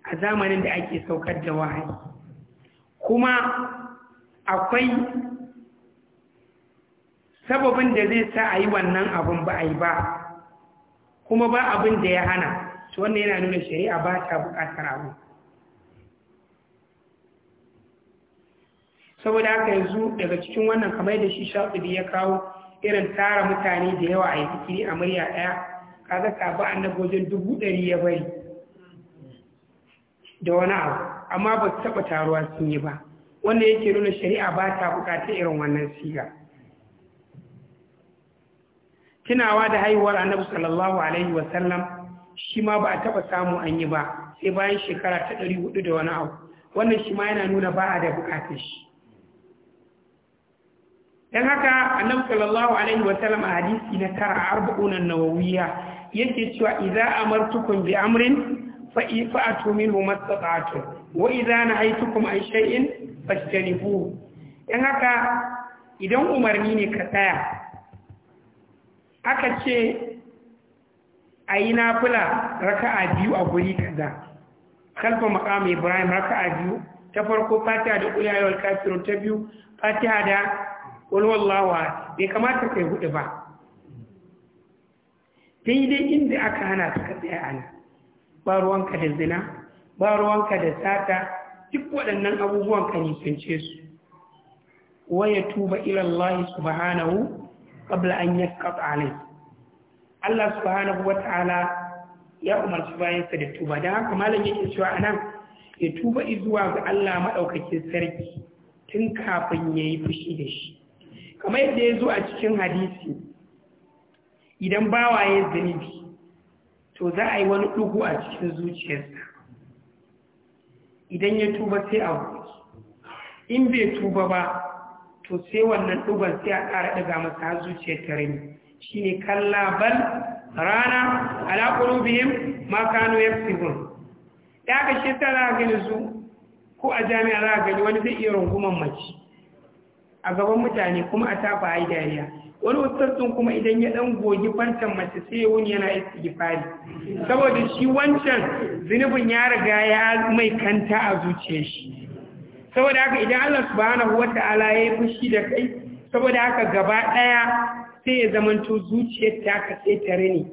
a zamanin da ake saukar da wahayi kuma akwai sababin da zai sa a yi wannan abin ba a yi ba kuma ba abin da ya hana to wannan yana nuna shari'a ba ta buƙatar abu saboda haka yanzu daga cikin wannan kamar da shi shafi ya kawo irin tara mutane da yawa a yi a murya ɗaya kaga sabu annabojin dubu ɗari ya bari da wani abu amma ba su taɓa taruwa sun yi ba wanda yake nuna shari'a ba ta bukatar irin wannan siga tunawa da haihuwar annabi sallallahu alaihi wasallam shi ma ba a taɓa samu an yi ba sai bayan shekara ta ɗari hudu da wani abu wannan shi ma yana nuna ba a da bukatar shi don haka annabi sallallahu alaihi wasallam a hadisi na tara a arba'unan nawawiya yake cewa idza amartukum bi amrin fa'atu minhu mastata'tu wa idza nahaytukum an shay'in fajtanibuhu dan haka idan umarni ne ka tsaya aka ce a yi raka raka'a biyu a guri kaza kalfa makamu ibrahim raka'a biyu ta farko fatiha da qul kafirun ta biyu fatiha da qul bai kamata kai hudu ba dai inda aka hana ta ka tsaya ana ba ruwanka da zina ba ruwanka da sata duk waɗannan abubuwan ka nisance su waya tuba ilallahi subhanahu qabla an yasqat alai Allah subhanahu wataala ya umarci bayansa da tuba dan haka malam yake cewa anan ya tuba izuwa ga Allah madaukakin sarki tun kafin yayi fushi da shi kamar yadda ya zo a cikin hadisi idan bawa ya zunubi to za a yi wani ɗugu a cikin zuciyarsa idan ya tuba sai a in bai tuba ba to sai wannan duban sai a ƙara daga masa har zuciyar ne Shi ne kalla bal rana ala makano ya fi yaksibun Ya ga shi ta za gani su ko a jami'a za gani wani zai iya runguman mace a gaban mutane kuma a tafa yi dariya wani ustazin kuma idan ya ɗan gogi fantan mace sai ya wuni yana gifari saboda shi wancan zunubin ya riga ya mai kanta a zuciyar shi saboda haka idan Allah subhanahu wata'ala ya yi fushi da kai saboda haka gaba ɗaya sai ya zamanto zuciyar ta ka sai tare ne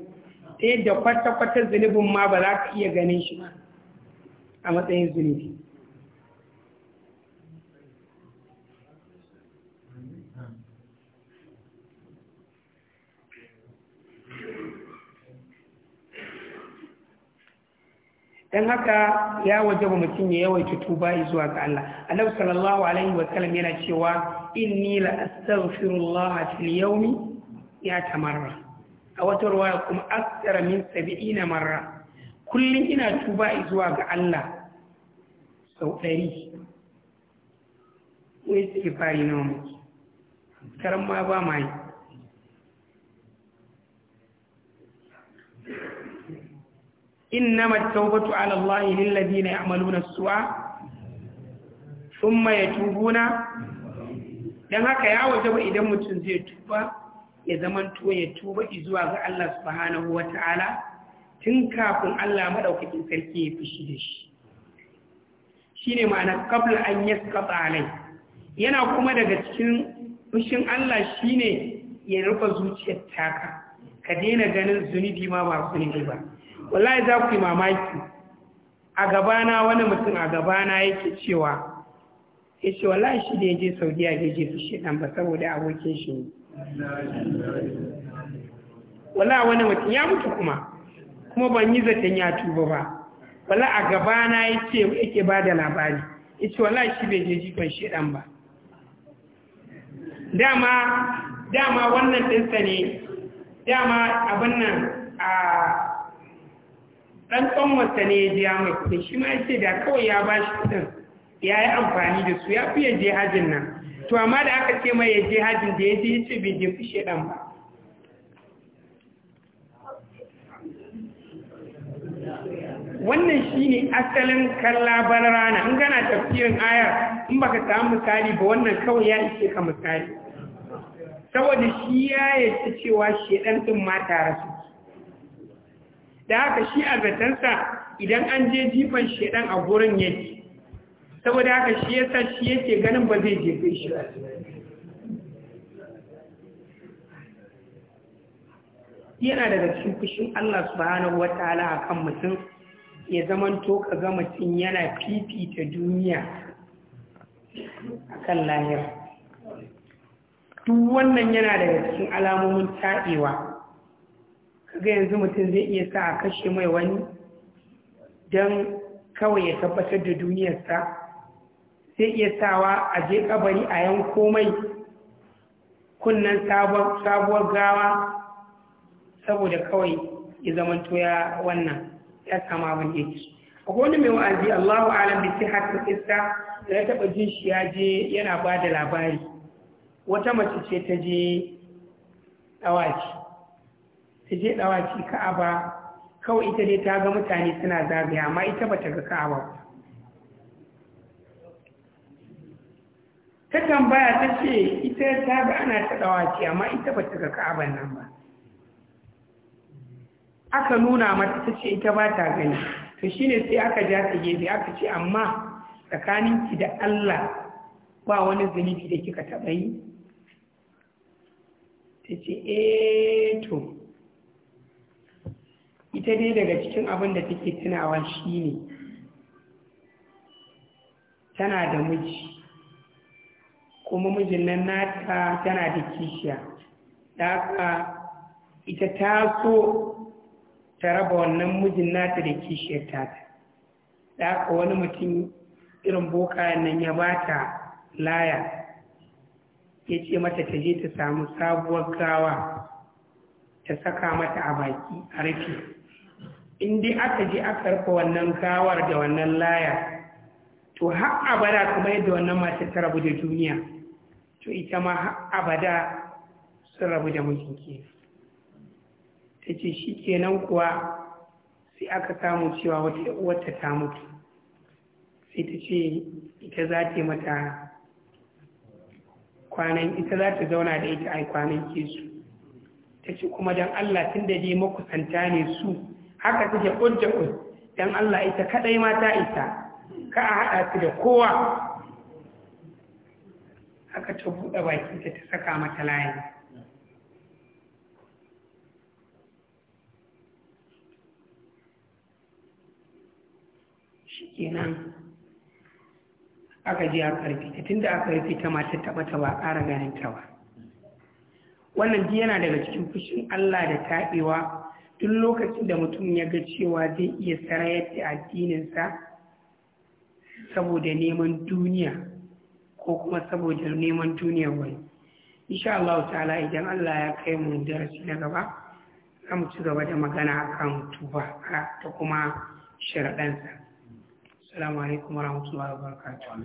ta yadda kwata-kwata zunubin ma ba za ka iya ganin shi ba a matsayin zunubi don haka ya waje ba mutum ya yawaita tuba zuwa ga Allah annabi sallallahu alaihi wa sallam yana cewa inni la astaghfirullah fil yawmi ya tamarra a wata ruwaya kuma akthara min 70 marra kullum ina tuba zuwa ga Allah sau ɗari. wai istighfari nawa muke karan ma ba mai إنما التوبة على الله للذين يعملون السوء ثم يتوبون dan haka ya waje ba idan mutum zai tuba ya zaman tuwa ya tuba zuwa ga Allah subhanahu wata'ala tun kafin Allah madaukakin sarki ya fishi da shi shine ma'ana qabla an yasqata alai yana kuma daga cikin fushin Allah shine ya rufe zuciyar taka ka daina ganin zunubi ma ba zunubi ba wallahi za ku yi mamaki a gabana wani mutum a gabana yake cewa ya ce wallahi shi da ya je saudiya ya je su shekan ba saboda abokin shi ne wallahi wani mutum ya mutu kuma kuma ban yi zaton ya tuba ba wala a gabana yake yake ba da labari yace wallahi shi bai je jikon shedan ba dama dama wannan dinsa ne dama abin nan a ɗan ƙanwarsa ne ya je ya mai kuɗi shi ma ya ce da kawai ya ba shi kuɗin ya yi amfani da su ya fi ya je hajjin nan to amma da aka ce mai ya je hajjin da ya je ya ce bai je fi shaɗan ba wannan shi ne asalin kalla rana in gana tafsirin ayar in baka samu misali ba wannan kawai ya ishe ka misali saboda shi ya yi cewa shaɗan ɗin ma tare su da haka shi a zatansa idan an je jifan shedan a gurin yake saboda haka shi yasa shi yake ganin ba zai jefe shi yana daga cikin fushin Allah subhanahu wataala akan mutum ya to ka ga mutum yana fifita duniya akan lahira duk wannan yana daga cikin alamomin taɗewa kaga yanzu mutum zai iya sa a kashe mai wani don kawai ya tabbatar da duniyarsa zai iya sawa a je kabari a yanko mai kunnan sabuwar gawa saboda kawai ya zamanto ya wannan ya samu abin da yake akwai wani mai wa'azi Allahu alam ke sihhatil kista da ya taba jin shi ya je yana ba da labari wata mace ce ta je dawaki ta je ɗawaci ka'aba kawai ita dai ta ga mutane suna zagaya amma ita ba ta ga ka'aba ba ta tambaya ta ce ita ta ga ana ta ɗawaci amma ita ba ta ga ka'aban nan ba aka nuna mata ta ce ita ba ta gani to ne sai aka ja ta gefe aka ce amma tsakaninki da Allah ba wani zunubi da kika taɓa yi ta ce eh to ita dai daga cikin abin da take tunawa shine tana da miji kuma mijin nan nata tana da kishiya da aka ita ta so ta raba wannan mijin nata da kishiyar ta da aka wani mutum irin boka nan ya bata laya ya ce mata ta je ta samu sabuwar gawa ta saka mata a baki a rufe in dai aka je aka rufe wannan gawar da wannan laya to har abada kuma yadda wannan mace ta rabu da duniya to ita ma har abada sun rabu da mijinki. ke ta ce shi kenan kuwa sai aka samu cewa wata wata ta mutu sai ta ce ita za ta mata kwanan ita za ta zauna da ita ai kwanan kesu ta ce kuma don Allah tun da makusanta ne su haka ta take ƙujja'un don Allah ita kaɗai ma ta ka a haɗa su da kowa haka ta buɗe bakinta ta saka mata layi shi kenan aka ji a ƙarfi tun da aka rufe ta mata taɓa ta ba ƙara ganin ta ba wannan duk yana daga cikin fushin Allah da taɓewa duk lokacin da mutum ya ga cewa zai iya sarayar da addininsa saboda neman duniya ko kuma saboda neman duniyar wani insha Allah ta'ala idan Allah ya kai mu darasi na gaba za mu ci gaba da magana akan tuba ta kuma sharaɗansa assalamu alaikum warahmatullahi wabarakatuh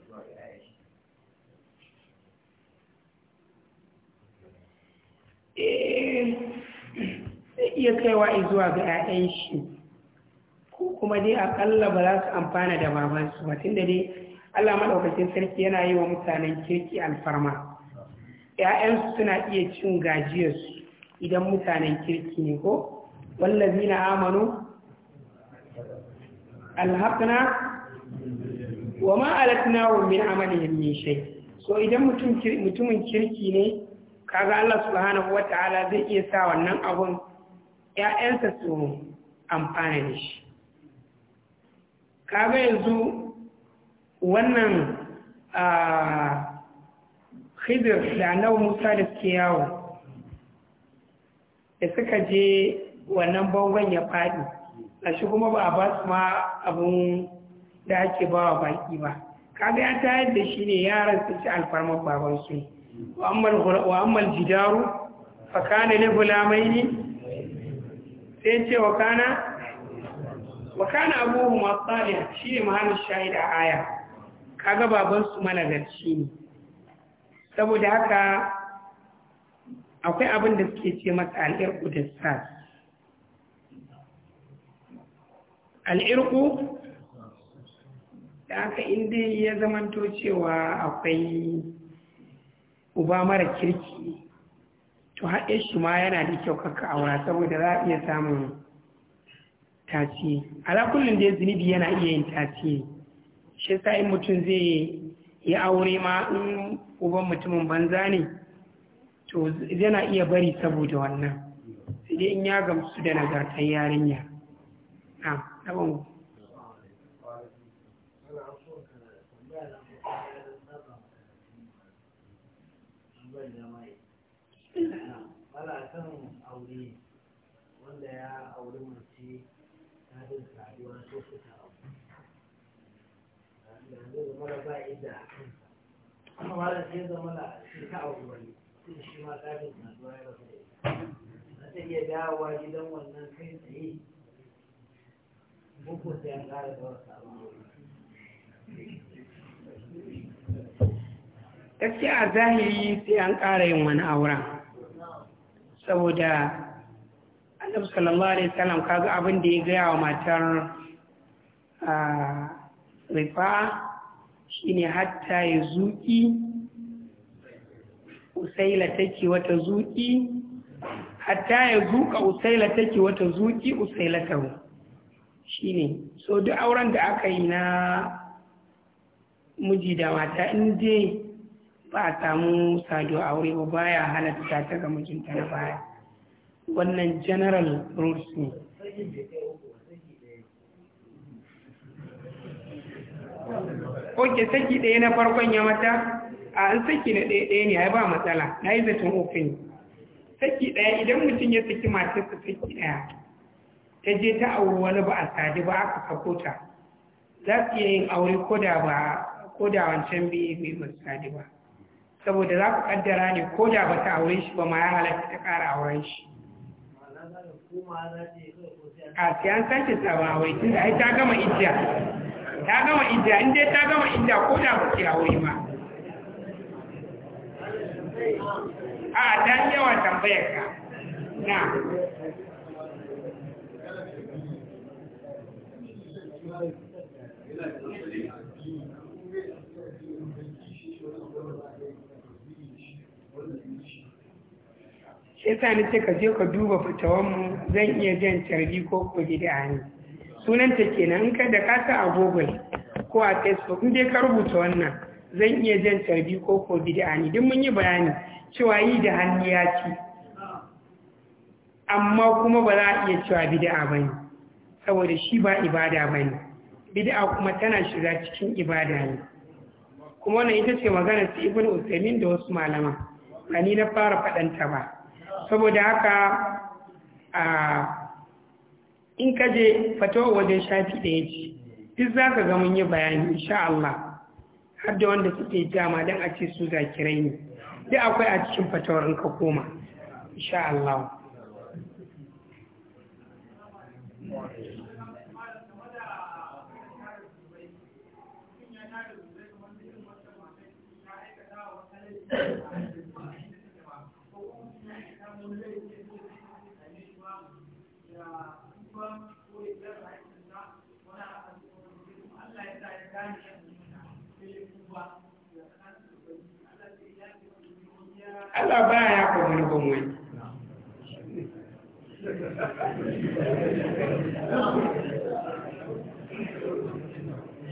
iya kaiwa zuwa ga 'ya'yan shi ko kuma dai akalla ba za su amfana da babansu ba tunda dai Allah maɗaukacin sarki yana yi wa mutanen kirki alfarma ‘ya'yansu suna iya cin gajiyarsu idan mutanen kirki ne ko wallazi na amanu alhafna wa ma'alatina wa min amalin min shai so idan mutumin kirki ne kaga Allah subhanahu wata'ala zai iya sa wannan abun ‘ya'yansa su amfana da shi kaga yanzu wannan a hidir da nau musa da suke yawo da suka je wannan bangon ya faɗi a shi kuma ba a ba su ma abin da ake ba wa baki ba kaga ya tayar da shi ne yaran su ci alfarmar babansu wa jidaru fa kana ne gulamai ne sai ce wa kana wa kana abuhu shi ne mahallin a aya kaga baban su managarci ne saboda haka akwai abin da suke ce masa al'irku da sas al'irku da haka inda ya zamanto cewa akwai uba mara kirki to haɗe shi ma yana da kyau kakka aura saboda za a iya samun tasiri ala kullum dai zunubi yana iya yin tasiri shi sa in mutum zai yi aure ma in uban mutumin banza ne to yana iya bari saboda wannan sai dai in ya gamsu da nagartar yarinya na ɗaban Thank you. sai da mana ba yi da amma malam da wani shi ma na iya dawowa gidan wannan a zahiri sai an yin saboda annabi sallallahu alaihi wasallam kaga abin da ya gaya wa matar ah, rifa shine hatta ya zuki usaila take wata zuki hatta ya zuka usaila take wata zuki usaila tawo shine so duk auren da aka yi na miji da mata in dai ba a samu sado aure ba baya halatta ta ga mijinta na baya wannan general rules ne Ko ke saki ɗaya na farkon ya mata a an saki na ɗaya ɗaya ne ya ba matsala na yi zaton ofin saki ɗaya idan mutum ya saki su saki ɗaya ta je ta auri wani ba a sadi ba aka kako ta za su iya yin aure ko da ba ko wancan mai ba sadi ba saboda za ku kaddara ne ko da ba ta aure shi ba ma ya halatta ta ƙara auren shi a siyan sake sabon aure tun da ai ta gama ijiya ta gama inda, in dai ta gama inda ko da ba ki aure ma a ta yawa tambayar ka na shi sa ce ka je ka duba fitawanmu zan iya jan carbi ko ko da hannu? sunanta kenan in kai da ka ta a google ko a facebook in dai ka rubuta wannan zan iya jan tarbi ko ko bid'a ni duk mun yi bayani cewa yi da hannu ya ci amma kuma ba za a iya cewa bid'a bane saboda shi ba ibada bane bid'a kuma tana shiga cikin ibada ne kuma wannan ita ce magana ta ibnu usaimin da wasu malama ba ni na fara faɗanta ba saboda haka a in ka je fatawa wajen shafi ɗaya ce duk za ka ga mun yi bayani insha Allah har da wanda suke jama don a ce su zakirai ne da akwai a cikin fatawar ka koma insha Allah Thank you. Allah ba ya yafa zunubin wani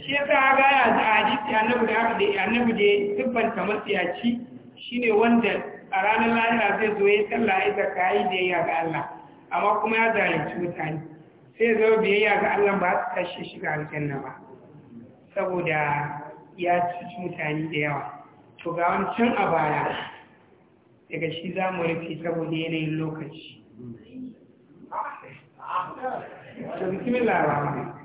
shi ya sa ya da hadisi annabi da aka dai annabi da ya sifan kamar siyaci ne wanda a ranar lahira zai zo ya sallah ya zaka yi ya ga Allah amma kuma ya zalunci mutane sai zo biyayya ga Allah ba su tashi shiga aljanna ba saboda ya ci mutane da yawa to ga wancan a baya daga shi za mu rufe saboda yanayin lokaci. Bismillah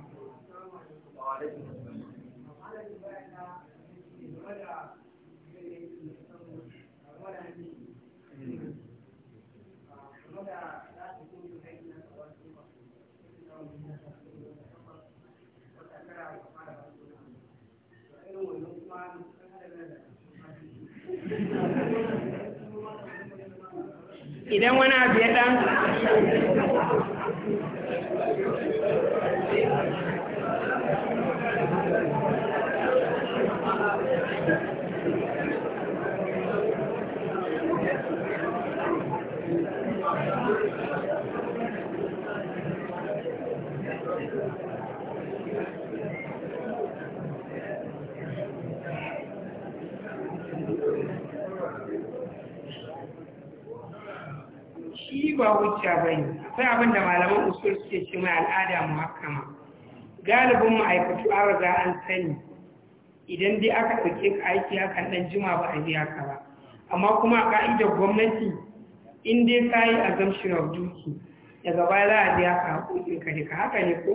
hujja ba ne akwai abin da malaman usul suke ce mai al'ada muhakkama galibin ma'aikatu an riga an sani idan dai aka ɗauke ka aiki hakan ɗan jima ba a biya ka ba amma kuma a ka'idar gwamnati in dai ka yi assumption of duty daga baya za a biya ka hakokin ka duka haka ne ko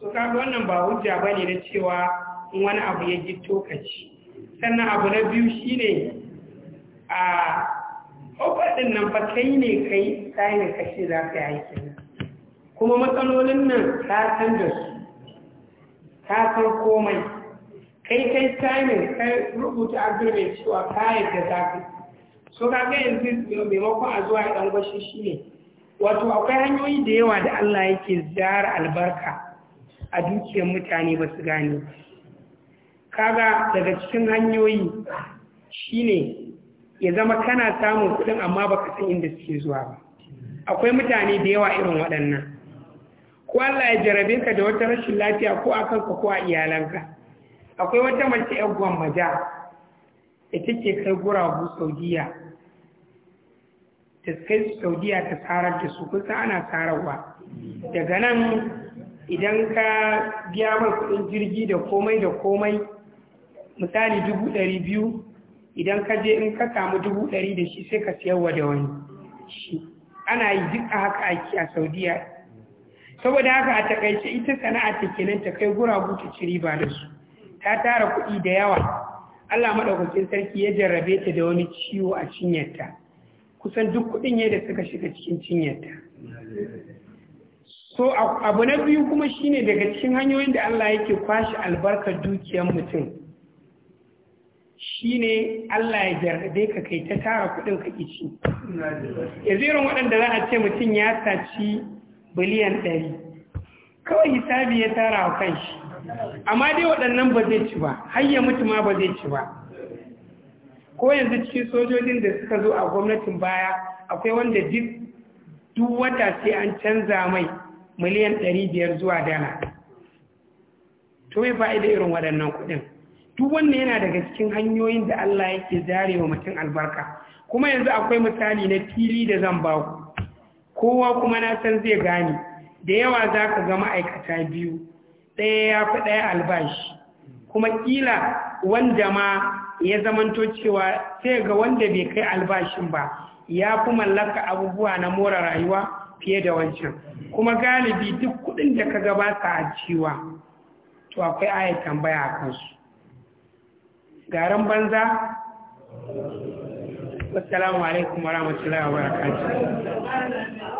so kaga wannan ba hujja ba ne na cewa in wani abu ya ka ci, sannan abu na biyu shine a ofa nan fa kai ne kai tsayin kashe za ka yi nan kuma matsalolin nan ta san da su ka san komai kai kai tsayin kai rubuta agreement cewa ka da za ka so ka ga yanzu maimakon a zuwa ɗan gwashi shi ne wato akwai hanyoyi da yawa da Allah yake zara albarka a dukiyar mutane ba su gane kaga daga cikin hanyoyi shine ya zama kana samun kuɗin amma baka san inda suke zuwa ba akwai mutane da yawa irin waɗannan ko Allah ya jarabe ka da wata rashin lafiya ko a kanka ko a iyalanka akwai wata mace ƴan gwammaja da take kai guragu saudiya ta kai saudiya ta sarar da su kusa ana sararwa daga nan idan ka biya mai kuɗin jirgi da komai da komai misali dubu ɗari biyu idan ka je in ka samu dubu ɗari da shi sai ka siyarwa da wani shi ana yi duk a haka aiki a saudiya saboda haka a takaice ita sana'a ta kenan ta kai guragu ta ci riba da su ta tara kuɗi da yawa allah maɗaukakin sarki ya jarrabe ta da wani ciwo a cinyarta kusan duk kuɗin yadda suka shiga cikin cinyarta so abu na biyu kuma shine daga cikin hanyoyin da allah yake kwashe albarkar dukiyar mutum Shi ne Allah ya jarrabe ka kai ta tara kuɗin ka kici yanzu zirin waɗanda za a ce mutum ya saci biliyan ɗari kawai hisabi ya tara wa kan shi amma dai waɗannan ba zai ci ba har mutu ma ba zai ci ba ko yanzu cikin sojojin da suka zo a gwamnatin baya akwai wanda duk wata sai an canza mai miliyan ɗari biyar zuwa dala to mai fa'ida irin waɗannan kuɗin duk wannan yana daga cikin hanyoyin da Allah yake zare wa mutum albarka kuma yanzu akwai misali na fili da zan ba ku kowa kuma na san zai gane da yawa za ka ga ma'aikata biyu ɗaya ya fi ɗaya albashi kuma ƙila wanda ma ya zamanto cewa sai ga wanda bai kai albashin ba ya fi mallaka abubuwa na more rayuwa fiye da wancan kuma galibi duk kuɗin da ka gabata a ciwa to akwai ayat tambaya a kansu garin banza wasu alaikum wa rahmatullahi wa barakatuh